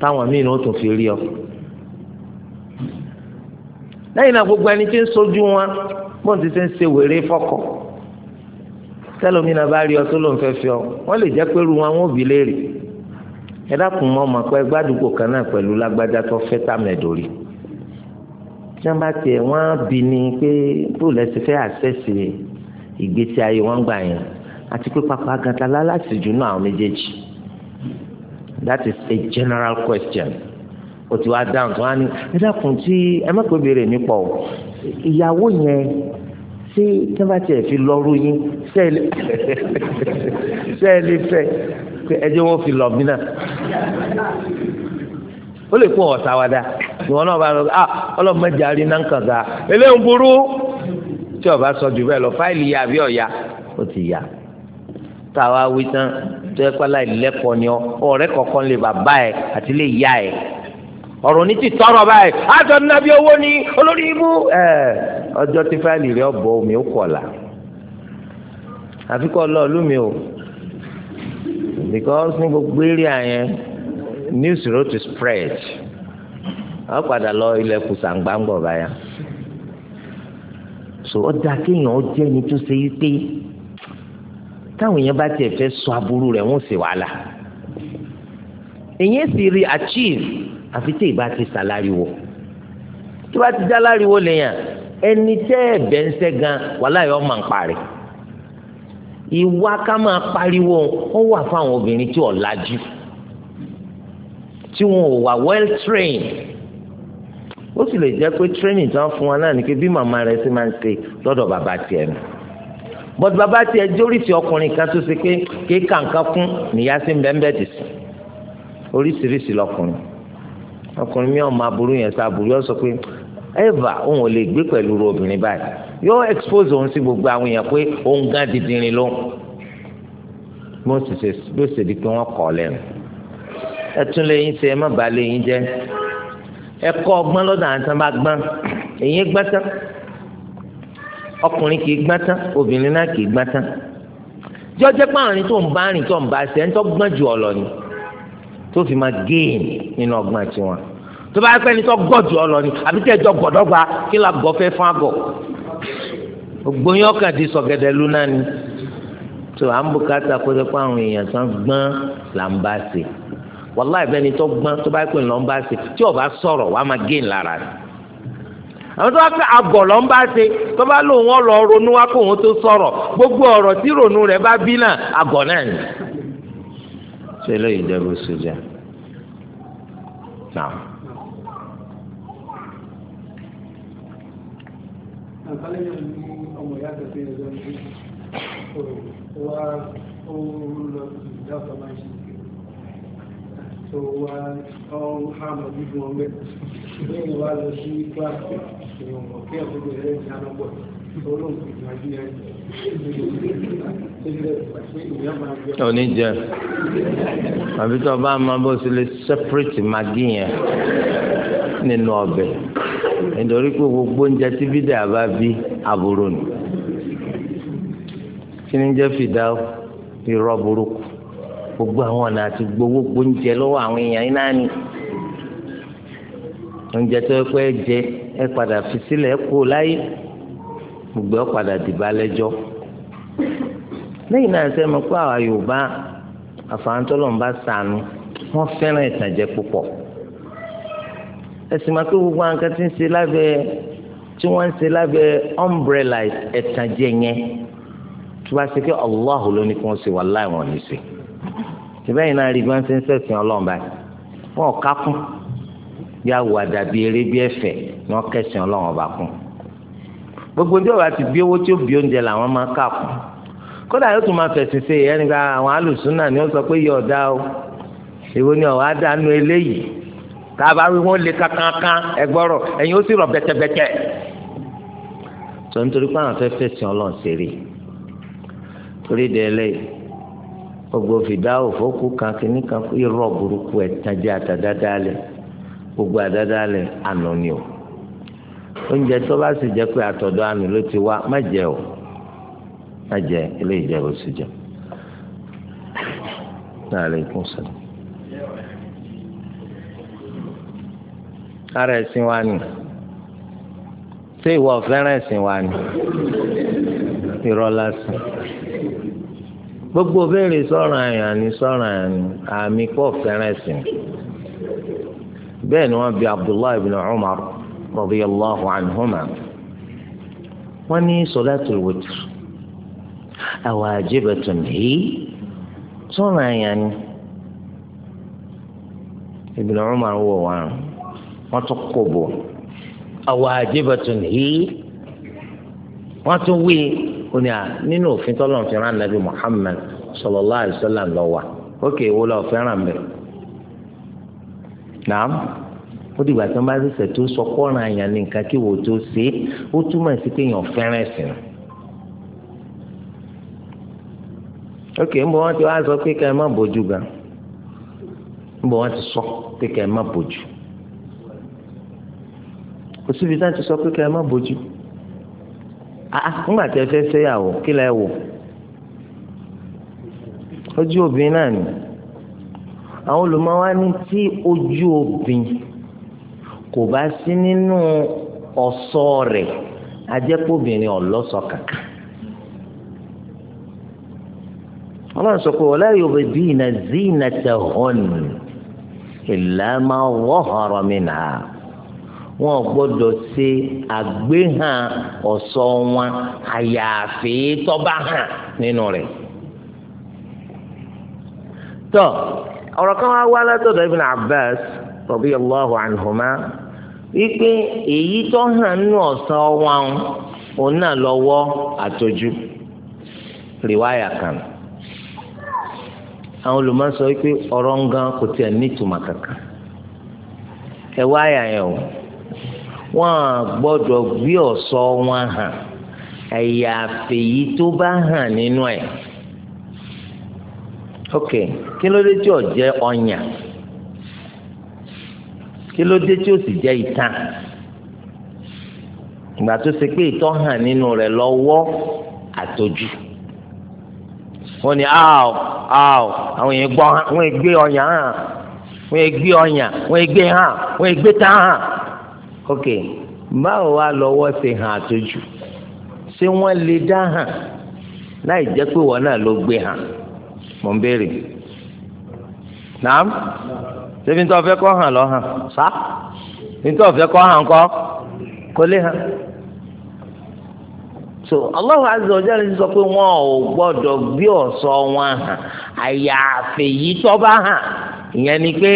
Speaker 1: táwọn míì náà tún fi rí ọ. lẹ́yìn náà gbogbo ẹni tí ń sojú wọn bóun ti ṣe ń ṣe wèrè fọ́kọ tẹlómìnà bá rí ọ tó ló ń fẹ́ fi ọ wọ́n lè jẹ́ pé ru wọn wọn ò bí léèrè ẹ dákun mọ́ ọmọ pé gbádùúgbò kan náà pẹ̀lú lágbájá tó fẹ́ tàmẹ̀dórí tí wọ́n bá tiẹ̀ wọ́n bí ni pé bóòlù ẹ̀ fẹ́ àṣẹ̀ṣe ìgbésí ayé wọn gbà yẹn àti pé pàpà gàtà lálàsì jù àwọn méjèèjì that is a general question o ti wá dáhùn tó wá ní ẹ dákun tí ẹ má pé béèrè mi pọ̀ ìyàwó yẹn ṣé tí wọ́n bá tiẹ̀ fi lọ́ọ́rù yín sẹ́ẹ̀lì fẹ́ ẹ jẹ́ wọ́n fi lọ mí náà ó lè kó ọ̀tá wa dá ìwọ náà bá lọ ah ọlọ́mọdé àrí náà ń kàn ga eléyìí ń burú tí ọba sọ jù bẹ́ẹ̀ lọ fáìlì yà àbí ọ̀ya ó ti yà. tá a wá wí tán ni ọ ọ̀rẹ́ kọ̀ọ̀kan lè bàbá ẹ̀ àti lè yá ẹ̀ ọ̀rọ̀ ní ti tọrọ báyìí àjọ nàbí owó ni olórí ibú ẹ̀ ọjọ́ tí fáìlì rẹ̀ ọ̀bọ̀ omi ó kọ̀ọ̀la àfikọ́ ọlọ́ọ̀lù lumi o because ní gbogbo eré àyẹn news road to spread ọ padà lọ ilẹ̀ kùsàǹgbàǹgbọ̀ báyà so ọjà kéèyàn ó jẹ́ ẹni tó ṣe é pé. táwọn èèyàn bá tiẹ̀ fẹ́ sọ aburú rẹ̀ wọ́n sì wàhálà èyí sì rí achieve àfi tí ìbá ti sàláriwo tí wàá ti dáláriwo lèèyàn ẹni tẹ́ ẹ̀ bẹ́ ń sẹ́ gan wàhálà yóò máa ń parí ìwà ká máa pariwo ó wà fáwọn obìnrin tí ò lajú tí wọn wà well trained ó sì lè jẹ́ pé training tí wọ́n fún wa náà ni pé bí màmá rẹ̀ ṣe máa ń ṣe lọ́dọ̀ bàbá tiẹ̀ nù bọ́dù bàbá tiẹ̀ jóríṣi ọkùnrin kan tó ṣe pé kéka nǹkan kún nìyá sí bẹ́ńbẹ́ dì sí oríṣiríṣi lọkùnrin ọkùnrin mi ò máa burú yẹn sá burú yọ sọ pé ẹ̀fà òun ò lè gbé pẹ̀lú obìnrin báyìí yóò expose òun sí gbogbo àwọn èèyàn pé òun gan dìdìrín ló mo sì ṣe ló ṣe di pé wọ́n kọ̀ lẹ́nu ẹ tún lè yín ṣe ẹ má bàa lè yín jẹ́ ẹ kọ́ ọgbọ́n lọ́dọ̀ àwọn tán bá gbọ́n èyí gbọ́n tán ọkùnrin kì í gbọ́n tán obìnrin náà kì í gbọ́n tán jọjẹ́ páàrin tó ń bá rìn tó ń bá ṣe ń tó gbọ́n jù ọ lọ ni tó fi máa géèn nínú ọgbọ́n tiwọn tó bá pẹ́ ni tó gbọ́ jù ọ lọ ni àbí tẹ́jọ́ gbọ́dọ́gba kí la gbọ́ fẹ́ fún àgọ́ gbóyún ọkàn ti sọ̀gẹ̀dẹ̀ lúná ni tó à ń bùkátà kó jẹ́ páàrin èèyàn tán gbọ́n là ń bá ṣe wàláì bẹ́ni tó gbọ́n tó bá pẹ́ ni lọ́ bá ṣe tí ò àwọn tó wá pé àgọ̀ ló ń bá ṣe tó bá lòun ó lọ ronú wá kó òun tó sọ̀rọ̀ gbogbo ọ̀rọ̀ tí ronú rẹ̀ bá bí náà àgọ̀ náà ni. ṣé lóyún jẹ́ bó sójà
Speaker 2: náà. So, uh, all how much you want Then, while you see class, èèyàn mọ̀ kí òní jẹ àbí tó o bá máa
Speaker 1: bó ṣe lè separate magi yẹn nínú ọbẹ̀ nítorí pé gbogbo oúnjẹ tí bídẹ àbá bí àbúrò ni kí ni jẹ fìdá irọ́ burúkú gbogbo àwọn ọ̀nà àti gbowó gbóúnjẹ lọ́wọ́ àwọn èèyàn yín náà ni oúnjẹ tó yẹ kó ẹ jẹ ẹ padà fi sílẹ̀ ẹ kó láyé gbogbo ẹ padà dìbà lẹ́jọ́ lẹ́yìn náà ṣe mọ̀ pé àwa Yorùbá àfàǹtọ́lọ́n bá sànù wọ́n fẹ́ràn ìtànjẹ púpọ̀ ẹ̀sìn máa pé gbogbo àwọn kan ń ṣe lábẹ́ tí wọ́n ń ṣe lábẹ́ umbrella ìtànjẹ yẹn tí wọ́n ṣe pé Allah ló ní kí wọ́n ṣe wà láì wọ́n ní ṣe ṣùgbọ́n yìí náà rí bí ṣe ń ṣẹ̀sìn Ọlọ́run báyìí wọ́n ká kún bí awọ àdàbí ẹ̀fẹ̀ ni wọ́n kẹsàn-án ọlọ́run kún gbogbo ndé ọba ti bí owó tí ó bí oúnjẹ làwọn máa kà kún kódà yóò tún máa fẹ̀sì ṣe ìyẹn nípa àwọn alùsùnà ni ó sọ pé yọ̀ ọ̀dà o èwo ni ọ̀wá dánú eléyìí tába wí wọ́n lé kankankan ẹgbọ́rọ̀ ẹ̀yin ó sì rọ̀ bẹ́tẹ́bẹ́tẹ́ tó ń torí pé àwọn torí gbogbo fìdá òfókù kan kìíní kan burúkú tajà gbogbo oúnjẹ tó bá sì jẹ́ pé àtọ̀dọ̀ àánú ló ti wá má jẹ o má jẹ ilé ìjẹun ó sì jẹ. Alaikum salaam. ara ẹ̀sìn wa ni ṣé ìwọ fẹ́ràn ẹ̀sìn wa ni irọ́ lásán gbogbo béèrè sọ̀rọ̀ àyàn ni sọ̀rọ̀ àyàn ni àmì pọ̀ fẹ́ràn ẹ̀sìn bẹ́ẹ̀ ni wọ́n bi Abdullahi bin Umar radiyallahu anhuma wọ́n ní solatul witr awajibatun hi sọ̀rọ̀ àyàn ni Ibn Umar wọ̀ wá wọ́n tún kò bọ̀ awajibatun hi wọ́n tún wí ó ní à nínú òfin tọ́lọ́run fi rán nàbí Muhammad ó dìgbà tí wọ́n bá ṣẹ̀ṣẹ̀ tó sọ kọ́ran àyàn ní nǹkan kí wò ó tó ṣe é ó túmọ̀ sí pé èèyàn fẹ́ràn ẹ̀sìn nù. ókè ń bọ̀ wọ́n ti wá sọ pé ká ẹ má bójú gan ń bọ̀ wọ́n ti sọ pé ká ẹ má bójú kò síbi tá a ti sọ pé ká ẹ má bójú nígbà ah, ah, tí ẹ fẹ́ fẹ́yàwó kí lẹ wò ojú obìnrin náà ni àwọn olùmọ̀ wa ní tí ojú obìnrin kò bá sí nínú ọ̀ṣọ́ rẹ̀ ajẹ́kọ̀bìnrin ọ̀lọ́ṣọ̀ kankan. ọlọ́run sọ pé wala yubdina zinatahunna illa ma zahara minha wọn gbọ́dọ̀ ṣe àgbéhàn ọ̀ṣọ́ wọn àyàfi tó bá hàn nínú rẹ̀. tọ́ ọ̀rọ̀ kan wá wá látọ̀dọ̀ Ibn Abbas radiyallahu anhuma. wípé èyí tó hàn nù ọ̀sán wọn òun náà lọ́wọ́ àtọ́jú rìwáyà kan àwọn olùmọ̀ sọ wípé ọ̀rọ̀ ngan kò tiẹ̀ nítumọ̀ kankan ẹ wáyà o wọn gbọdọ gbọ́dọ̀ gbé ọsọ wọn hàn ẹ̀yà àfẹ̀yí tó bá hàn nínú ok kí ló dé kí ló dé tí ó sì jẹ́ ìtàn ìgbà tó ṣe pé ìtọ́ hàn nínú rẹ̀ lọ́wọ́ àtọ́jú wọ́n ní aw aw àwọn yẹn gbọ́ wọ́n gbé ọyàn hàn wọ́n gbé ọyàn wọ́n gbé hàn wọ́n gbé tán hàn ok báwo wá lọ́wọ́ ṣe hàn àtọ́jú ṣé wọ́n lè dá hàn láì jẹ́ pé wọ́n náà ló gbé hàn mọ̀ ń béèrè naam. ṣébi nítorí ọ̀fẹ́ kọ́ hàn ọha hàn sá nítorí ọ̀fẹ́ kọ́ hàn so Allahu azza wa sọ pé wọn ò gbọ́dọ̀ gbé wọn hàn àyàfi yìí tó hàn ìyẹn ni pé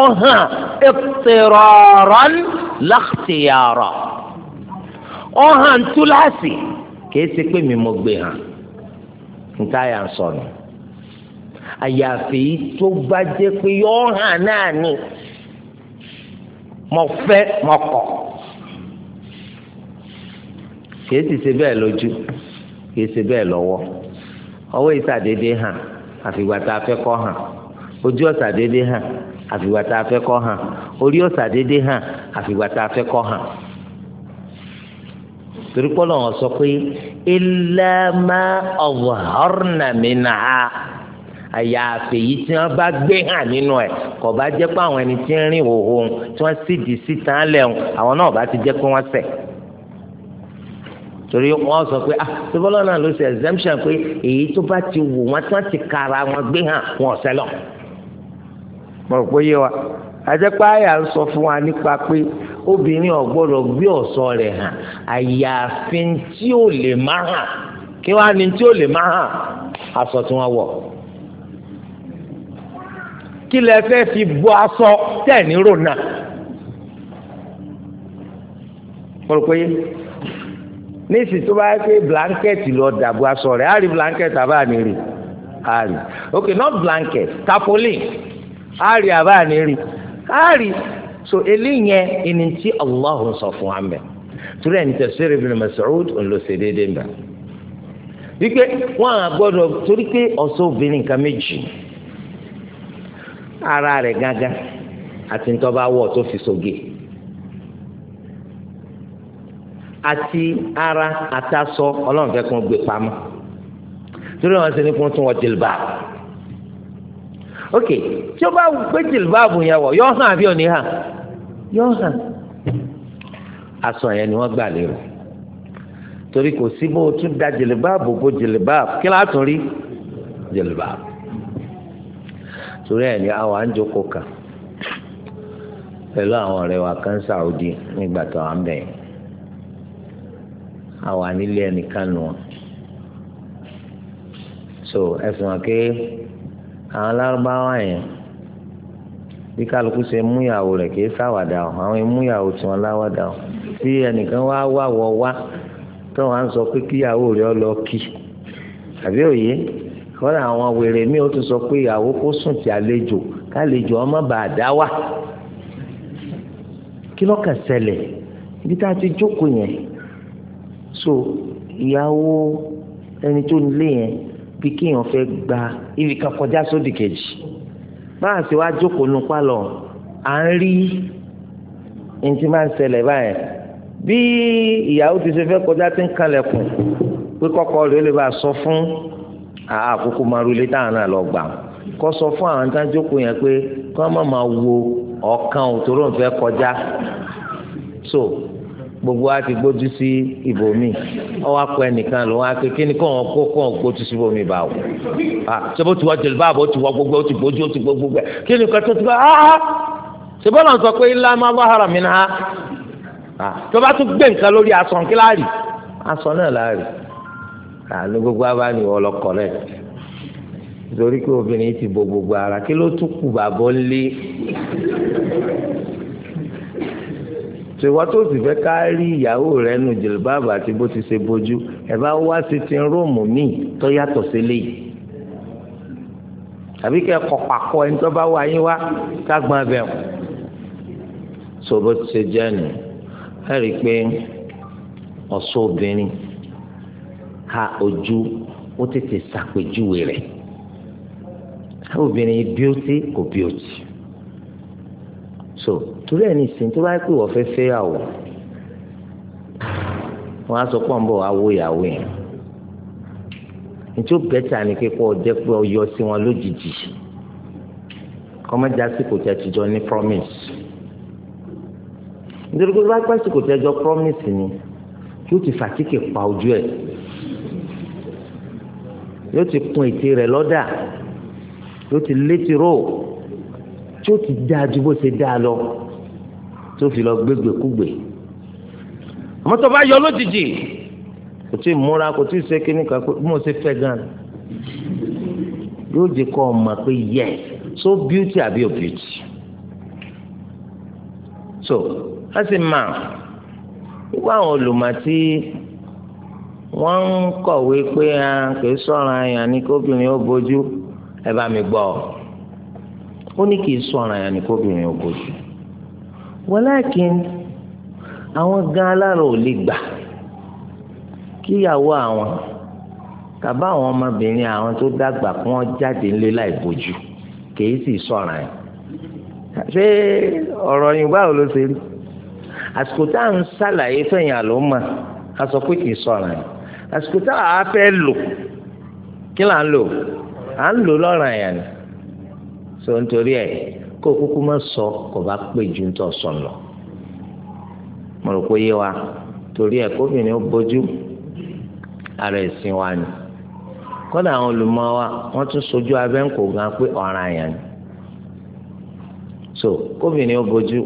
Speaker 1: ó hàn iqtiraran la túláàsì kìí pé mi mo gbé hàn àyàfi tó bá jẹ́ pé yọọ hàn náà ni mo fẹ́ mo kọ̀ kìí sì ṣe bẹ́ẹ̀ lójú kìí ṣe bẹ́ẹ̀ lọ́wọ́ ọwọ́ ìsàdédé hàn àfìgbà tá a fẹ́ kó hàn ojú ọ̀sàdédé hàn àfìgbà tá a fẹ́ kó hàn orí hàn àfìgbà a sọ pé máa ọ̀wọ̀ ọ̀rùn nàmínà àyàfi èyí tí wọ́n bá gbé hàn nínú ẹ̀ kò bá jẹ́ pé àwọn ẹni tí ń rìn òhò ohun tí wọ́n sì dì sí tán lẹ́hùn àwọn náà bá ti jẹ́ pé wọ́n ṣẹ̀ torí wọ́n sọ pé ah tìbọ́lọ́ náà ló ṣe exemption pé èyí tó bá ti wù wọ́n tí wọ́n ti kara wọn gbé hàn wọn ọ̀sẹ̀ lọ. mo rò pé yé wa àjẹpá àyà ń sọ fún wa nípa pé obìnrin ò gbọ́dọ̀ gbé ọ̀ṣọ́ rẹ̀ hàn àyàfi tí ò lè má hàn kí wàá ní tí ò lè má hàn aṣọ tí wọ́n wọ̀ kí lẹ fẹ́ fi bu aṣọ tẹ̀ ní rònà. mo rò pé níìsì tó bá yẹ pé blanketi lọ dàbò aṣọ rẹ̀ á blanketi àbá mi rí á ok not blanket tarpaulin á rí àbá mi rí á rí so eléyẹn ẹni tí Allah ń sọ fún wa mẹ́ torí ẹni tafsir Ibn Mas'ud ń lọ sí déédéé mbà wípé wọn àgbọ́dọ̀ torí pé ọ̀ṣọ́ obìnrin kan méjì ni ara rẹ̀ gángan àti ntọ́ bá wọ̀ tó fi sògè àti ara àtasọ ọlọ́run fẹ́ kàn gbé pamọ́ torí wọn ṣe ní kí wọ́n tún wọ jìlbà ok tí ó bá gbé jìlbà bù yẹn wọ̀ yọ hàn àbí òní hàn yọ hàn aṣọ yẹn ni wọ́n gbà lérò torí kò sí bó o tún da jìlbà bò bó jìlbà kí látún rí jìlbà bò torí ẹ̀ ní àwọn àǹjókòó kan pẹ̀lú àwọn ọ̀rẹ́ wa kan Saudi nígbà tó à ń bẹ̀ yẹn àwọn ànílé ẹnìkan nù wọn so ẹ̀sùn wọn pé àwọn lárúbáwá yẹn bí kálukú ṣe mú ìyàwó rẹ̀ kì í ṣàwàdà o àwọn ìmú ìyàwó tí wọ́n láwàdà o tí ẹnìkan wá wà wọ́ wá tó wọn sọ pé kíyàwó rẹ̀ ọ lọ kí àbí òye kọ́ra àwọn wèrè mi ó tún sọ pé ìyàwó kó sùn tí àlejò kálejò ọmọ bàá dá wà kí lọ́kàn ṣẹlẹ̀ ibi tá a ti jókòó yẹn so ìyàwó ẹni tó nílé yẹn bí kéèyàn fẹ́ gba ibi kan kọjá sódì kejì báà sì wá jókòó nu pálọ̀ à ń rí ẹni tí máa ń ṣẹlẹ̀ báyẹn bí ìyàwó ti ṣe fẹ́ kọjá ti ń kalẹ̀kùn pé kọ́kọ́ rẹ̀ lè bá a sọ fún Ah, àkókò marule táwọn náà lọ gbà kó sọ fún àwọn tá a jókòó yẹn pé kí má máa wo ọ̀kan òtòrò ń fẹ́ kọjá so gbogbo wa ti gbójú sí ibòmíì ọwọ́ akọ ẹnìkan ló wá pé kí ni kóhàn kó kóhàn gbójú sí ibòmíì bá wò á ah, sebo ti wọ jẹlẹba àbò ti wọ gbogbo ti gbójú ti gbogbo gbẹ kí ni kẹtọ ti bá áá sebo náà sọ pé ilá máa bá hàrà mi náà ah, tó bá tún gbé nǹkan lórí asọ̀nkí láàrì asọ̀ náà láàrì àánú gbogbo abáni wọ́n lọ kọ́ rẹ̀ nítorí pé obìnrin ti bo gbogbo ara kí ló tún kù bàbọ̀ lé tòwọ́ tó sì fẹ́ ká rí ìyàwó rẹ̀ nù jìlbáàbà àti bó ti ṣe bójú ẹ̀ bá wá sí ti róòmù míì tó yàtọ̀ sí léyìí àbí kẹ́ kọ́ pàkọ́ ẹni tó bá wà yín wá kágbọ́n abẹ́ ọ̀ so bó ti ṣe jẹ́ nù ẹ̀ rí i pé ọ̀ṣọ́ obìnrin ka ojú ó tètè ṣàpèjúwe rẹ̀ obìnrin bíọ́tì kò bíọ́tì so torí ẹ̀ ní ìsìn tó bá pè wọ́n fẹ́ fẹ́ yà wò wọ́n á sọ pọ̀ ń bọ̀ wá wó ìyàwó yẹn nítorí bẹ́tà ni kíkọ́ jẹ́ pé ọ yọ sí wọn lójijì kọ́mọ́jà sí kò tẹ̀ tìjọ ní promise nítorí pé bá pẹ́ sí kò tẹ̀ jọ promise ni yóò ti fàtíkè pa ojú ẹ̀ yóò ti kun ètè rẹ̀ lọ́dà yóò ti létí ró tí ó ti dáa ju bó ṣe dáa lọ tí ó fi lọ gbégbèkúgbè mọ́tò bá yọ lójijì kò tí ì múra kò tí ì ṣe kíní kan pé mo ṣe fẹ́ gan yóò jẹ́ kọ́ ọ mọ̀ pé yes so beauty àbí o beauty so ẹ sì máa wípé àwọn olùmọ̀ tí wọ́n ń kọ̀wé pé kì í sọ̀rọ̀ àyàn ni kóbìnrin ó bójú ẹ bá mi gbọ́ ó ní kì í sọ̀rọ̀ àyàn ni kóbìnrin ó bójú walakin àwọn gan alára ò lè gbà kíyàwó àwọn tàbá àwọn ọmọbìnrin àwọn tó dàgbà kí wọ́n jáde ńlé láì bójú kì í sì sọ̀rọ̀ àyàn ṣé ọ̀rọ̀ yìí báwo ló ṣe rí àsìkò tá à ń ṣàlàyé fẹ̀yìn àlọ́ mọ́ a sọ pé kì í sọ̀rọ̀ àyàn àsìkò tá a fẹ́ lò kí là ń lò à ń lò lọ́ràn yẹn ni so nítorí ẹ kó kúkú má sọ kó bá pè ju ń tọ́ sọ lọ mo rò pé yé wa torí ẹ kóbìnrin ó bójú ara ẹ̀sìn wa ni kódà àwọn olùmọ̀ wa wọ́n tún sojú abẹ́ ń kó gan pé ọ̀ràn yẹn ni so kóbìnrin ó bójú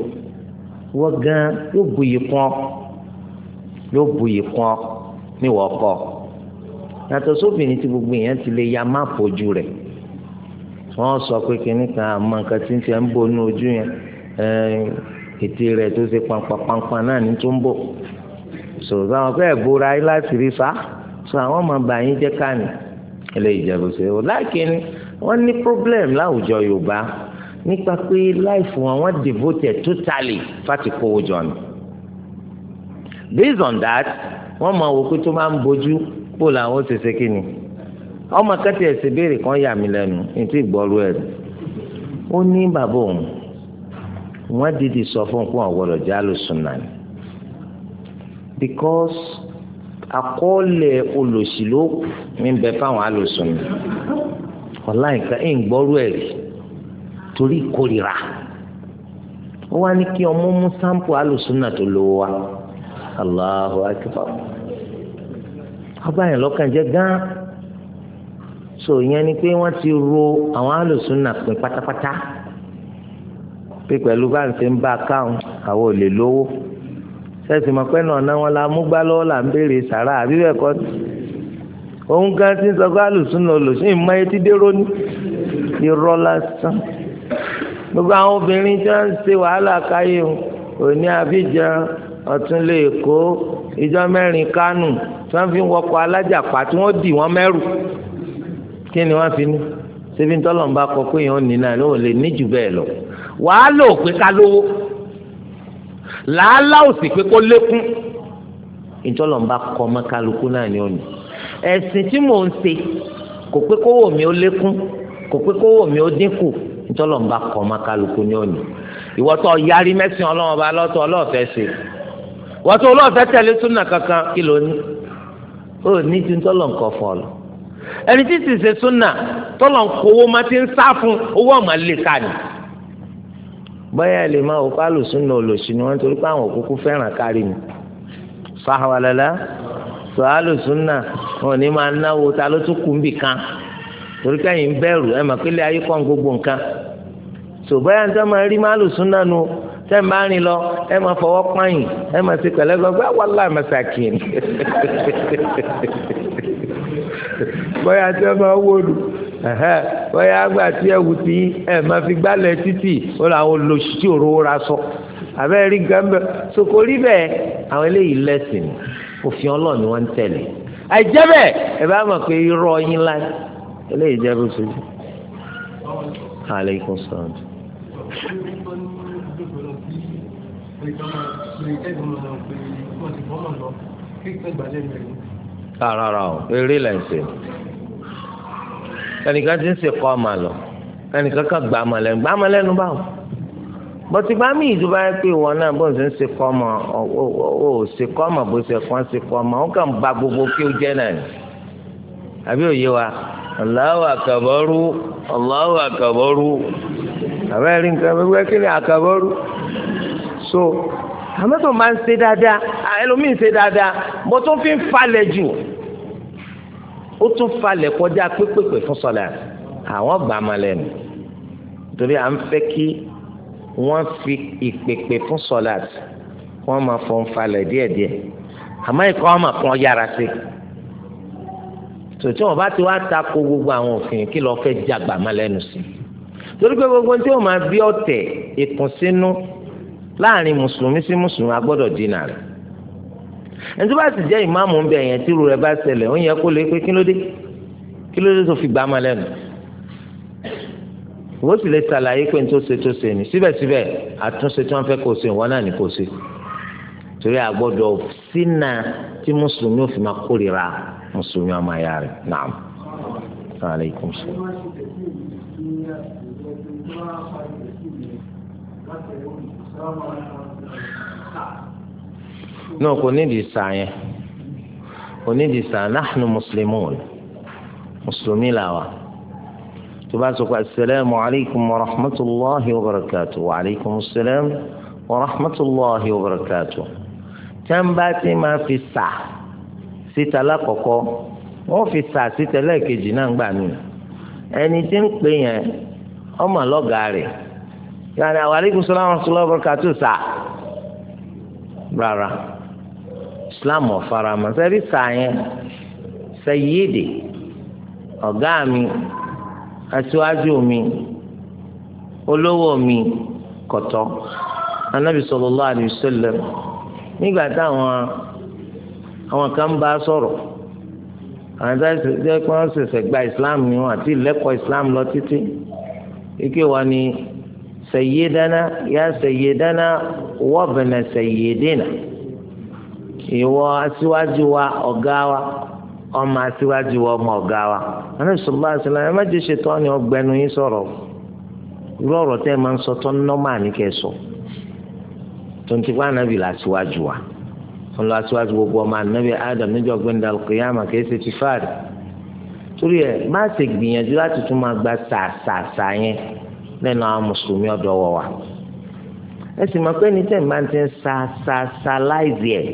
Speaker 1: wọ́n gan yóò bu yìí pọ́n yóò bu yìí pọ́n níwọ̀ ọkọ̀ yàtọ̀ sófin tí gbogbo èèyàn ti lè ya máàpù ojú rẹ̀ wọ́n sọ pé kínní kan àmọ́ nǹkan tí ń fi ń bo inú ojú yẹn eh, ètè rẹ̀ tó ṣe pàǹpàǹpàǹpà náà ní tó ń bọ̀ sọ̀rọ̀ táwọn fẹ́ẹ̀ bóra ayé láti rí fa sọ àwọn ọmọ bàbá yín jẹ́ káàní ilé ìjẹ̀bù ṣe o láìkíní wọ́n ní problem láwùjọ yorùbá nípa pé life wọn wọ́n devoted totally fati kówó jọ ni based on that wọ́n máa wò tó máa ń bojú kó làwọn ó kí ni ọmọ kẹtì ẹsẹ béèrè kan yà mí lẹ́nu ní ìgbọrú ẹ ó ní bàbá òun dìde sọ fún un pé àwọn gbọ́dọ̀ já lò because àkọọ́lẹ̀ olòṣì ọ̀la nǹkan ń ẹ̀ torí ìkórira ó wá ní kí ọmọ mú sáǹpù wa abáyàn lọ́kàn jẹ́ gán so ìyẹn ni pé wọ́n ti ro àwọn alòsùn náà pín pátápátá pé pẹ̀lú bá ń ṣe ń bá a káwọn àwọn ò lè lówó sẹ́sì mọ̀ pé náà náà wọn la mú gbá lọ́wọ́ là ń béèrè sàrà àbí bẹ́ẹ̀ kọ́ òun gan ti ń sọ pé alòsùn náà lòsùn ìmọ̀ etí dérò ní irọ́ lásán gbogbo àwọn obìnrin tí wọ́n ń ṣe wàhálà káyé òní àbíjà ọ̀tún lè ìjọ mẹ́rin kánù tí wọ́n fi ń wọkọ̀ alájàpá tí wọ́n dì wọ́n mẹ́rù kí ni wọ́n fi ní síbi tọ́lọ̀ ń bá kọ pé èèyàn nínú àná ò lè ní jù bẹ́ẹ̀ lọ wàá lò pé ká lówó làálàá ò sì pé kó lékún ìtọ́lọ̀ ń bá kọ ọmọ kálukú náà ní òní ẹ̀sìn tí mò ń ṣe kò pé kówó mi ó lékún kò pé kówó mi ó dínkù ìtọ́lọ̀ ń bá kọ ọmọ kálukú ní òní ìwọ́tọ̀ yarí mẹ́sìn ọlọ́wọ́n lọ́tọ̀ ọlọ́ọ̀fẹ́ ṣe wọ́n tó olóòfẹ́ tẹ̀lé súnà kankan kí ló ní ó ní ju tọ́lọ̀ nǹkan ọ lọ ẹni tí sì súnà tọ́lọ̀ nǹkan owó máa ti ń sá fún owó ọ̀mà lè ká ni. bọ́yá lè máa wò pálù súnà olóṣù ni wọ́n torí pé àwọn òkúkú fẹ́ràn kárí ni sàwàlálà sàálù súnà wọn ò ní máa náwó ta ló tún kú nbì kan torí kẹ́yìn bẹ̀rù ẹ̀ mà pélé ayé kọ́ gbogbo nǹkan. ń tẹ́ ń bá rìn lọ ẹ máa fọwọ́ pààyàn ẹ máa ṣe pẹ̀lẹ́ gbọ́ pé wà láì máa ṣàkíyàn bóyá tí wọ́n máa wó lu bóyá àgbà tí ẹ wù tí ẹ máa fi gbálẹ̀ títì ó làwọn olóṣù tí òróró ra sọ àbẹ́rẹ́ rí gánbẹ́ sokori bẹ́ẹ̀ àwọn eléyìí lẹ́sìn òfin ọlọ́ọ̀ ni wọ́n ń tẹ̀lé àìjẹ́ bẹ́ẹ̀ ẹ bá mọ̀ pé irọ́ yín láì eléyìí jẹ́ bó ṣojú. aleykum salaam
Speaker 2: pé tọ́mọ̀ pé tẹ́gùn mọ̀ pé wọ́n ti bọ́mọ̀ lọ kí ìgbàlẹ̀ mẹ́rin.
Speaker 1: rárá o eré là ń ṣe ẹnìkan ti ń ṣe kọ́ ọmọ lọ ẹnìkan kan gbà ọmọ lẹ́nu gbà ọmọ lẹ́nu báwo bọ́tí bá mi ìdúbà yẹ pé ìwọ náà bó ṣe ń ṣe kọ́ ọmọ ò ṣe kọ́ ọmọ bó ṣe kọ́ ṣe kọ́ ọmọ ó kàn ba gbogbo kí ó jẹ́ náà ni àbí òye wa Allahu akabaru Allahu akabaru àbẹ́rẹ́ nǹkan gbogbo kí ni akabaru so àmọ́ tó máa ń ṣe dáadáa ẹlòmíì ń ṣe dáadáa mo tún fi ń falẹ̀ jù ó tún falẹ̀ kọjá pépèpè fún sọlá àwọn gbà má lẹ́nu torí à ń fẹ́ kí wọ́n fi ìpèpè fún sọlá wọ́n máa fọ́ ń falẹ̀ díẹ̀díẹ̀ àmọ́ ìkọ́ ọmọ kan yára sí tòtí wọn bá ti wá tako gbogbo àwọn òfin kí lọ́ọ́ fẹ́ jàgbà má lẹ́nu sí torí pé gbogbo tí wọ́n máa bí ọ̀tẹ̀ ìkùnsínú láàrin mùsùlùmí sí mùsùlùmí a gbọ́dọ̀ dínà rẹ̀ ẹni tó bá sì jẹ́ ìmáàmù ń bẹ yẹn tí irú rẹ̀ bá ṣẹlẹ̀ ó yẹ kó lè pé kí ló dé kí ló dé tó fi gbàmọ́ lẹ́nu ìwọ sì lè ṣàlàyé pé tó ṣe tó ṣe ni síbẹ̀síbẹ̀ àtúnṣe tí wọ́n fẹ́ kó ṣe ìwọ náà ni kó ṣe torí a gbọ́dọ̀ sínà tí mùsùlùmí ò fi máa kórìíra mùsùlùmí ọmọ ẹ̀yà rẹ̀ naam aleykum salaam.
Speaker 2: Thank you.
Speaker 1: náà kò nídìí sá yẹn kò nídìí sá nahnu muslimun mùsùlùmí làwà tó bá sọ pé asalaamu alaykum wa rahmatulahi wa barakatu wa alaykum salaam wa rahmatulahi wa barakatu tẹ́ńbà tí máa fi sá síta lákọ̀ọ́kọ́ wọ́n fi sá síta lẹ́ẹ̀kejì náà gbà mí ẹni tí ń pè yẹn ọmọ yàrá àwọn aleykum salaam wa rahmatullahi wa barakatuh sà rárá islam ọ̀farama sẹ́rí sàyẹn sẹ́yídì ọ̀gá mi aṣíwájú mi olówó mi kọ̀tọ́ anabi sallallahu alayhi wa sallam nígbà táwọn àwọn kan bá sọ̀rọ̀ àwọn jẹ́ pé gba islam ni wọ́n àti ìlẹ́kọ̀ọ́ islam lọ títí ike wa ni. sayyidana ya sayyidana wa bana sayyidina ìwọ aṣíwájú wa ọ̀gá wa ọmọ aṣíwájú wa ọmọ ọ̀gá wa anabi sọlá ṣẹlẹ ẹ má jẹ ṣètò ọ ni ọgbẹnu yín sọ̀rọ̀ irú ọ̀rọ̀ tẹ ẹ máa ń sọ tọ nọmà ní kẹsọ tonti wa anabi la aṣíwájú wa wọn lọ asiwaju gbogbo ọmọ anabi adam níjọ́ gbẹndà kìyàmà kìí ṣe ti fáàdì torí ẹ má ṣe gbìyànjú láti tún máa gba sàṣàṣà yẹn. lẹ́nu àwọn mùsùlùmí ọ̀dọ̀ wọ̀ wá ẹ sì mọ̀ pé ní tẹ̀ máa ti ń sa sa sa láìsí ẹ̀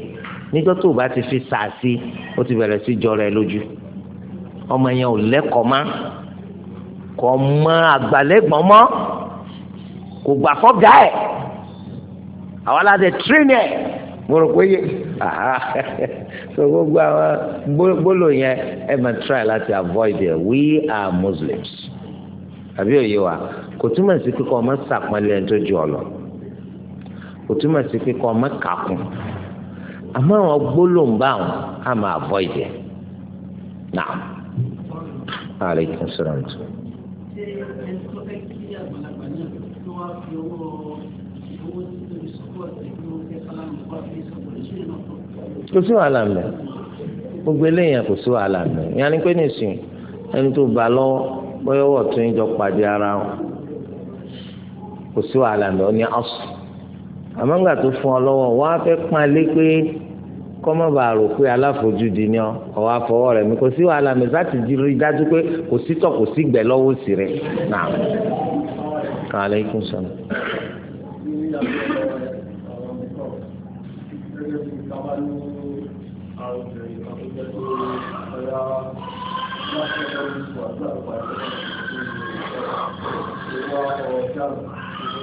Speaker 1: níjọ́ tó o bá ti fi sa sí o ti bẹ̀rẹ̀ sí jọrọ ẹ lójú ọmọ yẹn ò lẹ́kọ̀ọ́ má kò mọ àgbàlẹ́gbọ̀n mọ́ kò gbà fọ́gà ẹ̀ àwọn aládé tírínì ẹ̀ mo rò pé yé so gbogbo àwọn gbólò yẹn ẹ máa try láti avoid it we are muslims àbí òye wa kò túmọ̀ sí pé kọ́ ọ má sàpọ́nlé ẹni tó ju ọ lọ kò túmọ̀ sí pé kọ́ ọ má kàkùn àmọ́ àwọn gbólóńbà wọn á máa bọ́ ìjẹ́ náà aleykum salaam tu.
Speaker 2: kò sí wàhálà mẹ gbogbo
Speaker 1: eléyàn kò sí wàhálà mẹ yanni pé nìsín ẹni tó bá lọ bóyá wọ́n ìjọ pàdé ara wọn kò sí wàhálà lọ ní ọ̀sùn àmọ́ ńgbà tó fún ọ lọ́wọ́ wọ́n á fẹ́ pọ́n alé pé kọ́mọ́ bá rò pé aláfojúdi ni ọ̀wá fọwọ́ rẹ̀ mi kò sí wàhálà mi láti rí dájú pé kò sí tọ̀ kò sí gbẹ̀ lọ́wọ́ sí rẹ̀ náà kàlẹ́ ikú sọ̀rọ̀. Thank you.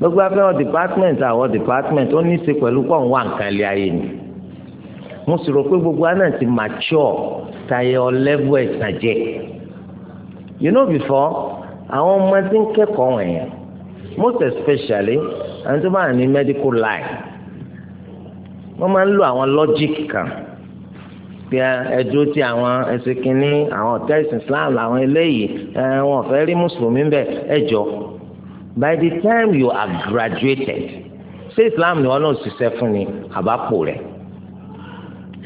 Speaker 1: gbogbo afẹ́wọ̀n department àwọn department ó ní í ṣe pẹ̀lú pọ̀ ń wá nǹkan lé ayé ni mo sì rò pé gbogbo aná ti mature tayọ level ẹ̀sán jẹ́ you know before àwọn ọmọ tí ń kẹ́kọ̀ọ́ wọ̀nyẹn most especially àwọn tó bá ní medical line wọ́n máa ń lo àwọn logic kan pé ẹdúró tí àwọn ẹsẹ̀ kínní àwọn ọ̀tá ìsìn Islam làwọn eléyìí wọn ò fẹ́ rí mùsùlùmí bẹ́ẹ̀ ẹjọ́ by the time you are graduated ṣé islam ni wọn náà ṣiṣẹ́ fún ni àbápò rẹ̀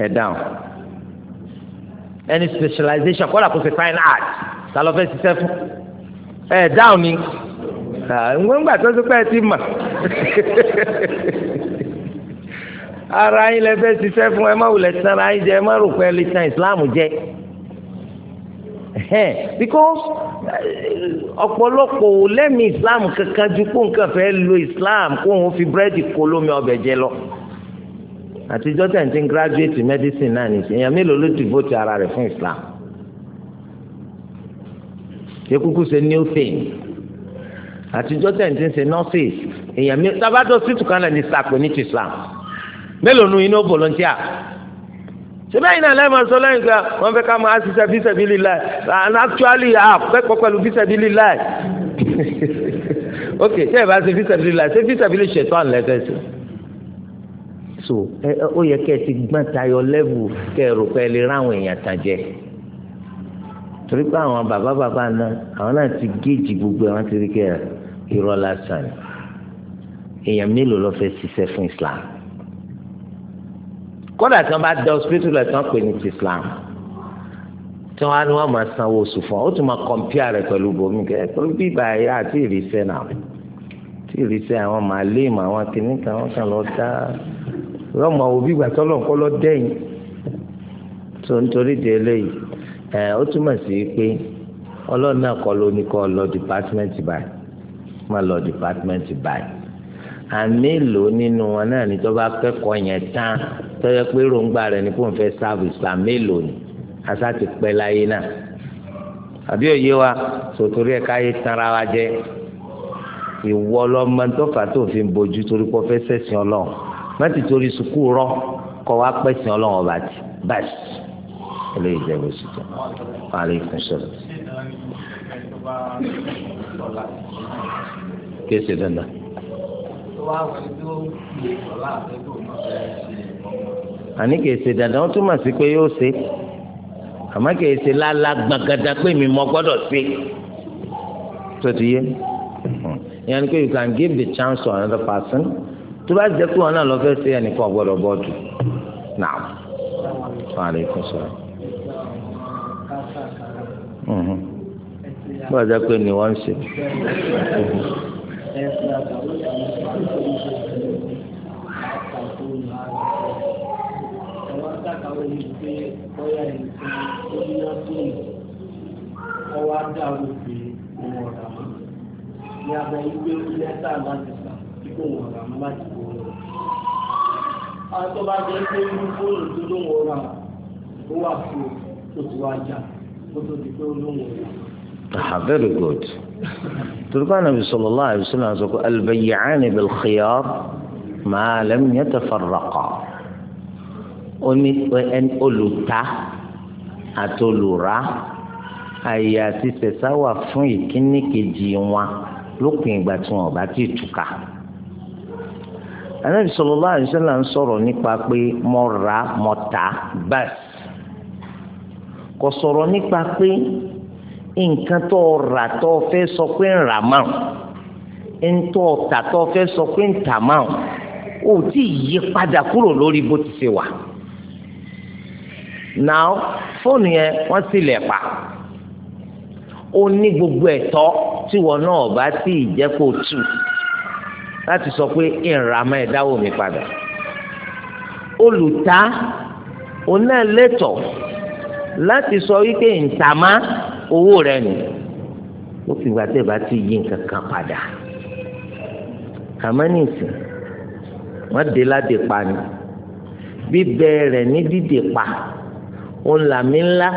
Speaker 1: ẹ̀ dáhùn any specialization kọ́lá kó ṣe fine art ta ló fẹ́ ṣiṣẹ́ fún ẹ̀ dáhùn ni ngbọ́ngbà tó ṣe pé ẹ ti mà ara yín lẹ fẹ́ ṣiṣẹ́ fún ẹ má wulẹ̀ tán ara yín jẹ ẹ má rò pé ẹ lè tan islam jẹ because eh, ọ̀pọ̀lọpọ̀ ò lẹ́mìí islam kankan ju kó nǹkan fẹ́ lo islam kó òun fi búrẹ́dì kó lómi ọbẹ̀ jẹ lọ àtijọ́ tẹ̀ ń ti graduate medicine náà nìyí èèyàn mélòó ló devote ara rẹ̀ fún islam ṣé kúkú ṣe new thing àtijọ́ tẹ̀ ń ti ṣe nurses èèyàn mélòó tábàdọ́ sí tùkánlẹ̀ ní sàpè ní ti islam mélòó nu inú volunteer sibẹ́yìn náà lẹ́yìn sọ lẹ́yìn kan wọ́n fẹ́ ká máa ṣiṣẹ́ fisabili láì and actually akẹ́kọ̀ọ́ pẹ̀lú fisabili láì ok ṣé ẹ bá ṣe fisabili láì ṣé fisabili ṣètò àná lẹ́fẹ̀ẹ́ sí. so ó yẹ kẹ́ ẹ ti gbọ́n tayọ lẹ́bù kẹ́ ẹ rò pé ẹ lè ráwọn èèyàn tàn jẹ torí pé àwọn bàbá bàbá náà àwọn náà ti géèjì gbogbo àwọn ti rí kẹ́ ẹ irọ́ lásán èèyàn mélòó ló fẹ́ ṣiṣẹ́ fún Islam kódà tí wọ́n bá da hospital ẹ̀ tí wọ́n pè ní Islam tí wọ́n á ní wọ́n máa sanwó oṣù fún ọ ó tún máa kọ̀mpíà rẹ̀ pẹ̀lú bomi kẹ́ pẹ̀lú bíbá ẹ̀ àti ìrìsẹ́ náà tí ìrìsẹ́ àwọn màálíìmù àwọn kìnnìkan wọ́n kàn lọ dá rọ́mọ òbí gbà tọ́lọ̀ ńkọ́ lọ dẹ́yìn tó nítorí di eléyìí ẹ ó túmọ̀ sí pé ọlọ́run náà kọ́ ló ní kọ́ lọ dìpátímẹ́ǹtì báyìí àmélòó nínú wọn náà ní tọ́ba akẹ́kọ̀ọ́ yẹn tán tọ́jọ́ pé ròǹgbà rẹ̀ ní kò ń fẹ́ sáàbù islam mélòó ni àṣà ti pẹ́ láyé náà àbí òye wa sòtòrí ẹ̀ káyé tanra wa jẹ́ ìwọ ọlọ́mọ tọ́fà tó fi ń bojú torí kò fẹ́ sẹ̀sìn ọlọ́run mẹ́tì torí sùkú rọ kọ́ wa pẹ̀sìn ọlọ́run ọba tì báyìí eléyìí jẹ́ bó sì jẹ́ wàhálà ìkùn sọ̀rọ̀ kéṣe dandan àní kìí ṣe dandan ó túmọ̀ sí pé yóò ṣe àmọ́ kìí ṣe lálá gbàgàdà pé mi mọ gbọ́dọ̀ ṣe tó ti yé ìyẹn ni pé you can give the chance to another person tó bá jẹ́ pé wọn náà lọ fẹ́ ṣe ẹnìkan gbọ́dọ̀ bọ́ọ̀dù náà wà lè kó sọ̀rọ̀ bọ́ọ̀dù pé ni wọ́n ń ṣe.
Speaker 2: mọ̀ yìí pé bóyá nǹkan tó ní náà tó yìí kọ́ wá dá òun pé òun ọ̀rà mọ́ ní abẹ́ ìgbé lẹ́tà láti sà tí kò wọ̀n ọ̀rà mọ́ láti wọ̀ ọ́. àtọ́ba jẹ́ pé inú fóònù tó ló wọ̀ ọ̀rà ó wà fún tó ti wá jà kó tó di pé ó ló wọ̀ ọ̀rà.
Speaker 1: Ah, very good. تلقى النبي صلى الله عليه وسلم يقول البيعان بالخيار ما لم يتفرقا oní olùta àti olùra àyè àti sẹ̀sá wà fún ìkíní kejì wọn lópin ìgbà tí wọn bá ti túká. Ànábì sallallahu alaihi wasallam ń sọ̀rọ̀ nípa pé mo ra mo tà bẹ́ẹ̀ kò sọ̀rọ̀ nípa pé nǹkan tó rà tó fẹ́ sọ pé ń rà máa ń tó tà tó fẹ́ sọ pé ń tà máa ò tí ì yí padà kúrò lórí bó ti ṣe wà. Now, fóònù yẹn wọ́n sì lẹ̀ pa ó ní gbogbo ẹ̀tọ́ tí wọn náà bá tí ì jẹ́ kó tù láti sọ pé ìrànmọ́ ẹ̀dáwó mi padà olùta òun náà lẹ́tọ̀ láti sọ wípé ntàmá owó rẹ nù ó fi gbà tẹ́ bá ti yí nǹkan kan padà àmọ́ wọ́n dé ládé pa ni bíbẹ rẹ̀ ní dídè pa òun làmì ńlá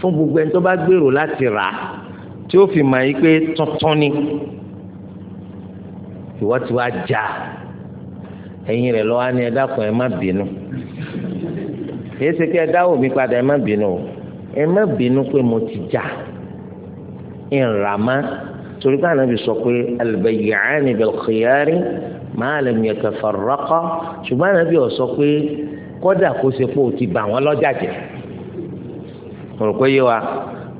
Speaker 1: fún gbogbo ẹni tó bá gbèrò láti rà á tí ó fi mà yí pé tuntun ni ìwọ ti wá já ẹ̀yin rẹ̀ lọ́wọ́ ni ẹ dákun ẹ má bínú kìí ṣe kí ẹ dáwọ́ mi padà ẹ má bínú o ẹ má bínú pé mo ti já ìràmá torí pé ànábì sọ pé al-bayya'ani bil-khiyari ma lam yatafarraqa ṣùgbọ́n ànábì ọ̀ sọ pé kódà kó ṣe pé o ti bà wọ́n lọ́jà jẹ́ mo yé wa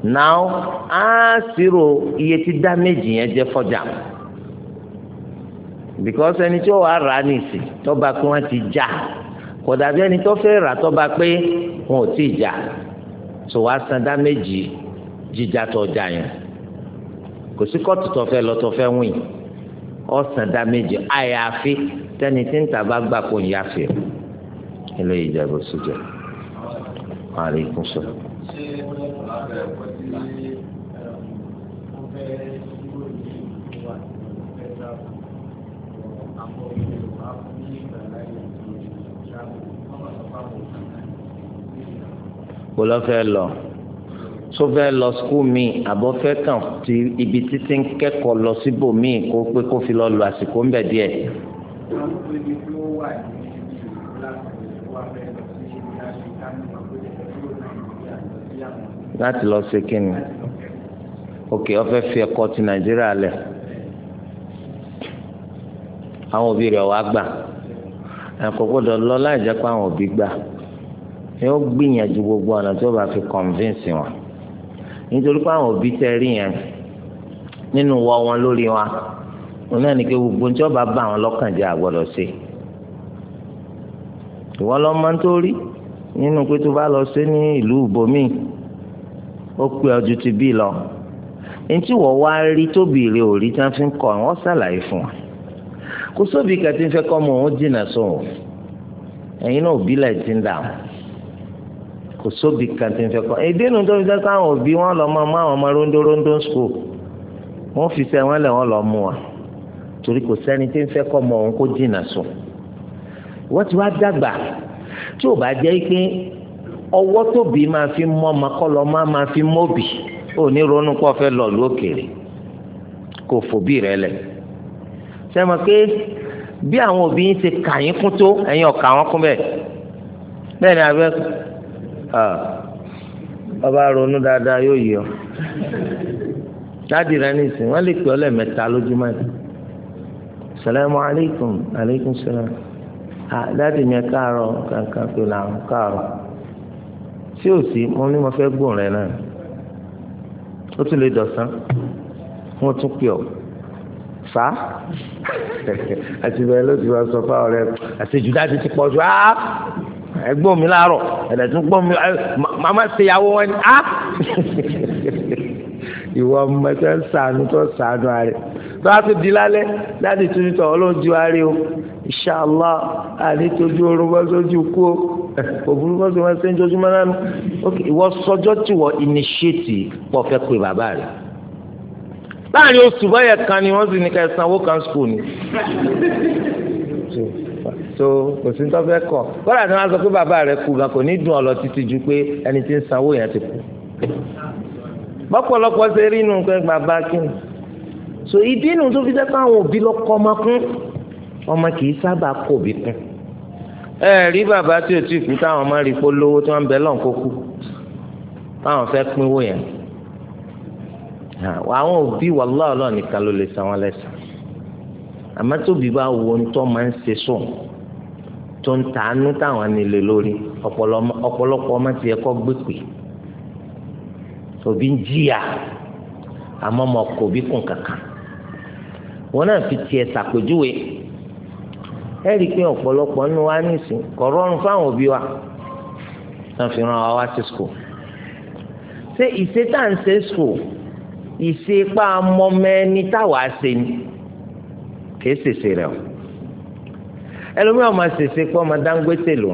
Speaker 1: now á ṣírò iye tí dámẹ́jì yẹn jẹ́ fọ́jà because ẹni tí ó wàá rà á nìsí tó bá pé wọ́n ti já kò dàbí ẹni tó fẹ́ rà tó bá pé wọn ò tí ì já tó wàá san dámẹ́jì jíjà tó já yẹn kò sí kóòtù tó fẹ́ lọ tó fẹ́ wìn ọ̀sán dámẹ́jì àyàfi tẹ́ni tí ń tà bá gbà kó ń yáfẹ́ ẹ lóye ìjẹ́bù sójà. Alaikum salaam kò lọ fẹ́ lọ
Speaker 2: tó fẹ́ lọ skul
Speaker 1: mi àbọ̀ fẹ́ kàn ti ibi títí ń kẹ́kọ̀ọ́ lọ síbòmíì kó pé kó fi lọ lọ àsìkò ń bẹ díẹ̀.
Speaker 2: láti lọ ṣe kínní
Speaker 1: òkè ọfẹ fi ẹ̀kọ́ ti nàìjíríà lẹ àwọn òbí rẹ̀ wàá gbà ẹ̀kọ́ gbọ́dọ̀ lọ láì jẹ́ pé àwọn òbí gbà yóò gbìyànjú gbogbo ọ̀nà tí ó bá fi convince wọn nítorí pé àwọn òbí tẹ rí yẹn nínú wọ wọn lórí wa wọn náà ní kí gbogbo tí ó bá bá àwọn lọ́kàn jẹ́ àgbọ́dọ̀ ṣe ìwọ lọ́mọ tó rí nínú pé tó bá lọ sí ní ìlú ibòmíì ó pé ọjọ́ ti bí lọ ntí wọ́n wá rí tóbi rè ò rí tí wọ́n fi ń kọ́ wọ́n ṣàlàyé fún wa kó sóbì kẹtí ń fẹ́ kọ́ mọ òun jìnnà sóhun ẹ̀yin náà òbí lẹ̀ ti ń dà wọ́n kò sóbì kan tí ń fẹ́ kọ́ èdè nu tó fi jẹ́ káwọn òbí wọn lọ máa mú àwọn ọmọ rondo rondo school wọ́n fi sẹ́ wọ́n lẹ̀ wọ́n lọ mú wa torí kò sẹ́ni tí ń fẹ́ kọ́ mọ òun kó jìnnà sùn wọ́n ti wá dàgbà tí ò bá jẹ́ pé ọwọ́ tóbi máa fi mọ́ ọmọ kọ́lọ́ máa máa fi mọ́bì ó ní ronú kó fẹ́ lọ lókèrè kò fòbí rẹ lẹ̀ sẹ́mi pé bí àwọn òbí yín ṣe kà yín kún tó ẹ̀yin ọ̀kà wọn kún bẹ́ẹ̀ bẹ́ẹ̀ ni abẹ́ ọba ronú dáadáa yóò yọ dáàdi rẹ nìsín wọ́n lè pè ọ́ lẹ́ẹ̀mẹ́ta lójúmọ́ ẹ̀ salamu aleykum aleykum salam ah mi káàárọ̀ kankan pé làwọn káàárọ̀ tí ò sí mo ní mo fẹ́ gbọ́n rẹ náà ó tún lè dọ̀sán wọ́n tún pè ọ́ fa àti bẹ́ẹ̀ ló ti wá sọ fún ọ̀rẹ́ àtẹ̀jù dájú ti pọ̀ jù áá ẹgbọ́n mi láàárọ̀ ẹ̀dẹ̀ tún gbọ́n mi màmá ṣèyàwó wọn ni á ìwọ ọmọ ẹgbẹ́ sànù tó sànù àárẹ̀ tó a tún di lálẹ́ láti tún tọ̀ ọlọ́run ju o inshallah ànítojú oorun bá sójú kú o òfurufú bá sọ ma ṣe ń jojúmọ́ náà ok ìwọ sọjọ́ tí wọ́n initiate pọ̀ fẹ́ pé bàbá rẹ̀ láàrin oṣù báyẹ̀ kan ni wọ́n sì ní ká ẹ sanwó kan school ni so kò sí tó fẹ́ kọ̀ kọ́lá tí wọ́n sọ pé bàbá rẹ̀ kú gan kò ní dùn ọ̀lọ́ títí ju pé ẹni tí ń sanwó yẹn ti kú bọ́pọ̀lọpọ̀ ṣe rí inú pé bàbá kí ni so ìdí inú tó fi jẹ́ káwọn òbí lọ kọ́ ọmọ kún ọmọ kì í sábà kó òbí kún ẹ rí bàbá tí o ti kú táwọn ọmọ rí pé lówó tí wọ́n ń bẹ lọ́n kó kú táwọn fẹ́ pínwó yẹn àwọn òbí wàhálà ọlọ́ọ̀ nìkan ló lè san wọn lẹ́sàn àmọ́ tóbi bá wo ń máa ń ṣe sùn tó ń tàánú táwọn nílé lórí ọ̀pọ̀lọpọ̀ ọmọ tiẹ̀ kọ́ gbèpè òbí ń jìyà àmọ́ ọmọ kò bí kùn kankan wọn náà fi tiẹ̀ ṣàpèjúwe ẹ rí i pé ọ̀pọ̀lọpọ̀ nínú wa nísìn kò rọrùn fáwọn òbí wa náà fi ràn wá sí school ṣé ìṣe tá à ń ṣe school ìṣe pa mọ́mẹ́ni táwa ṣe ni kì í ṣèṣe rẹ̀ o ẹlòmíràn máa ṣèṣe pé ọmọ dáńgbèsè lò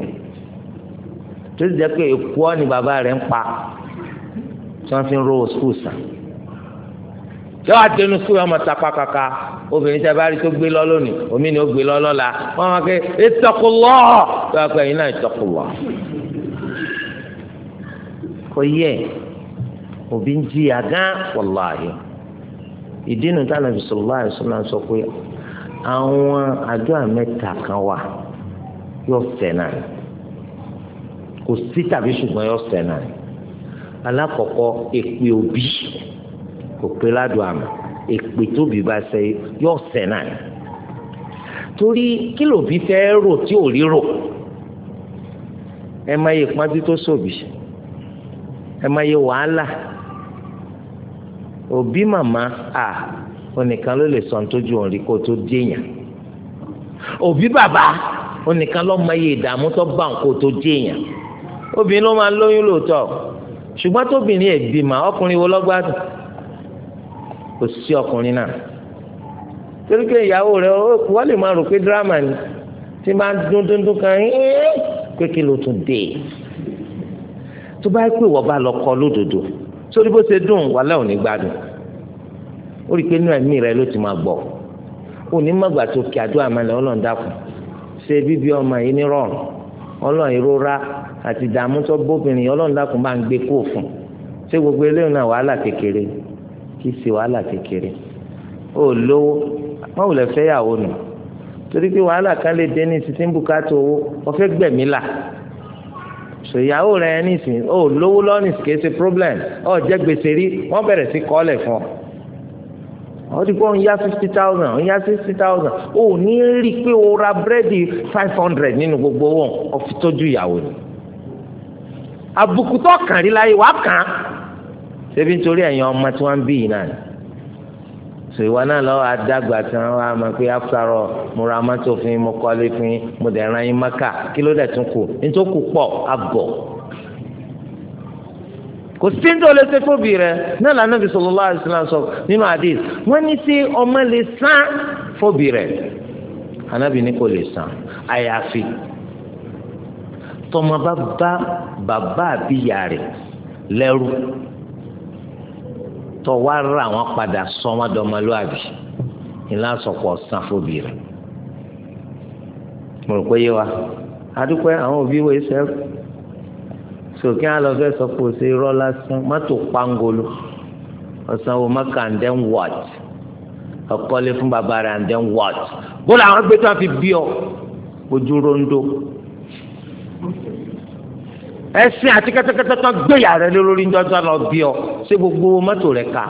Speaker 1: tó ti jẹ́ pé èkó ni bàbá rẹ̀ ń pa tí wọ́n fi ń rówó school sàn yọ àtẹnu sùn ọmọ tapa kaka obìnrin tẹ bá rí tó gbé lọ lónìí omi ni ó gbé lọ lọ́la wọn máa ké ìtọkùlọ tó a pè yín náà ìtọkùlọ. kò yẹ òbí ń jìyà gán wàláhì ìdí nu tá a nàbì sọlọ láàrin sọlá sọ pé àwọn àdúrà mẹ́ta kan wà yóò fẹ náà kò sí tàbí ṣùgbọ́n yóò fẹ náà alákọ̀ọ́kọ́ èpè òbí kò pé ládùn àmọ́ èpè tóbi bá ṣe yóò ṣẹ̀ náà torí kí lòbí fẹ́ rò tí ò rí rò ẹ má yẹ pọ́njú tó sòbí ẹ má yẹ wàhálà òbí màmá à onìkan ló lè sọ nítorí òun rí kó tó déèyàn òbí bàbá onìkan ló mọ iye ìdààmú tó bá òun kó tó déèyàn obìnrin ló máa lóyún lóòótọ́ ṣùgbọ́n tóbìnrin ẹ̀ bímọ ọkùnrin wo lọ́gbàdùn kò sí ọkùnrin náà torí pé ìyàwó rẹ̀ wọ́n lè máa rò pé dírámà ni tí máa ń dún dúndún kan pé kí ló tún dé tó bá pè wọ́n bá lọ kọ́ lódodo sórí bó ṣe dùn wàhálà ò ní gbádùn ó rí i pé inú ẹ̀mí ló ti máa gbọ̀. ò ní mọ̀gbà tó kí àdúrà máa ọlọ́run dákun ṣe bíbí ọmọ yìí ní kì í ṣe wàhálà kékeré ó lówó báwo lẹ fẹ́ yàwó nù torí pé wàhálà kan lè dé ní títí ń bùkátà owó ọfẹ́ gbẹ̀mí là sọ ìyàwó rẹ nísìnyí ó lówó lọ́nìí kì ṣe problem ó jẹ́ gbèsè rí wọ́n bẹ̀rẹ̀ sí kọ́ọ̀lẹ̀ fún ọ wọ́n ti gbọ́ ń yá fifty thousand ń yá sixty thousand ó ní rí i pé o ra búrẹ́dì five hundred nínú gbogbo wọn ọ̀fi tọ́jú ìyàwó ni àbùkù tó kàn rí láyé wàá kàn án ṣebí nítorí ẹ̀yin ọmọ tí wọ́n ń bí yìí náà sọ ìwà náà lọ́wọ́ adágbà tí wọ́n wá máa pé aftarọ mo ra mọ́tò fún yín mo kọ́lé fún yín mo dẹ̀ ran yín mọ́kà kí ló dẹ̀ tún kù nítorí kù pọ̀ àgọ̀ kò sí ní olè ṣe fóbi rẹ náà lànà bí sallallahu alaihi sọ nínú hadith wọn ní sí ọmọ lè sán fóbi rẹ Ànábì ní kò lè sàn àyàfi tọmọ bá bá bàbá àbíyá rẹ lẹ́rú tó wá rà wọn padà sọ wọn dọmọlúwàbí ńlá sọpọ̀ san fòbí rẹ̀ mo rò pé yé wa adúpẹ́ àwọn òbí wo ẹsẹ̀ sòkè àlọ́fẹ́ sọ pé òsè irọ́ lásán mọ́tò pangolo ọ̀sán wo mọ́kà and then what ọkọ́lé fún bàbá rẹ̀ and then what bó làwọn gbé tó a fi bí ọ ojú rondo ẹṣin àti kẹ́tẹ́kẹ́tẹ́ tó gbéyà rẹ lórí ńdọ́jọ́ lọ bí ọ ṣé gbogbo mọ́tò rẹ kà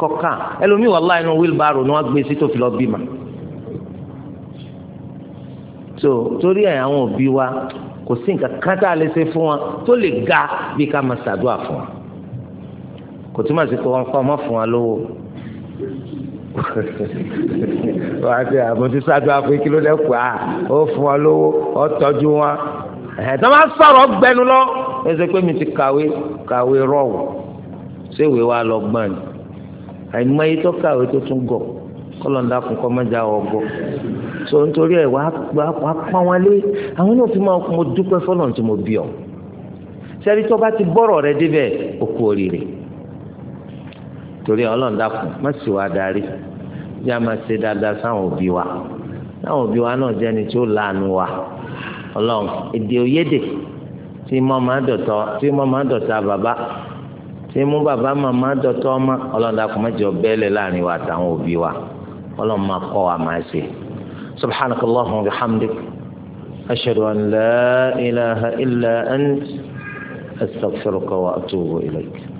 Speaker 1: kọ́ka ẹlòmíì wàhálà inú wheelbarrow ni wọ́n gbé sí tó fi lọ bí ma so torí ẹ̀ àwọn òbí wa kò sí nǹkan kan tá a lè ṣe fún wa tó lè ga bí ká máa ṣàdúrà fún wa kò túmọ̀ sí pé wọ́n kọ́ ọmọ fún wa lówó wọ́n á ti àmọ́ ti ṣàdúrà fún kí ló dé pa ó fún wa lówó ó tọ́jú wọn ẹ̀hẹ́ tó máa sọ̀rọ̀ gbẹnu lọ ẹsẹ̀ pé mi ti kàwé kàwé rọ̀wọ̀ ṣéwé wa lọ gbọ́n ni àìmọye tó kàwé tó tún gọ̀ kọlọ́ńdà kún kọ́mọ́jà ọgọ́ so nítorí ẹ̀ wàá pọ́n wọn lé àwọn náà fi máa mo dúpẹ́ fọlọ́n tí mo bí ọ sẹ́ni tó bá ti bọ́rọ̀ rẹ débẹ̀ òkú oríire torí ọlọ́ńdà kún má sì wá darí bí a máa ṣe dáadáa sáwọn òbí wa sáwọn òbí wa náà jẹ́ni tí ó láàánú wa ọlọ́run èdè òyédè tí mo máa dọ̀tọ̀ tí mo máa dọ̀tọ̀ bàbá tí mo bàbá máa máa dọ̀tọ̀ ọmọ ọlọ́run dàkú mẹ́jọ bẹ́ẹ̀lẹ̀ láàrin wa àtàwọn òbí wa ọlọ́run máa kọ́ wa máa ṣe subhanaka allahumma wa bihamdik ashhadu an la ilaha illa ant astaghfiruka wa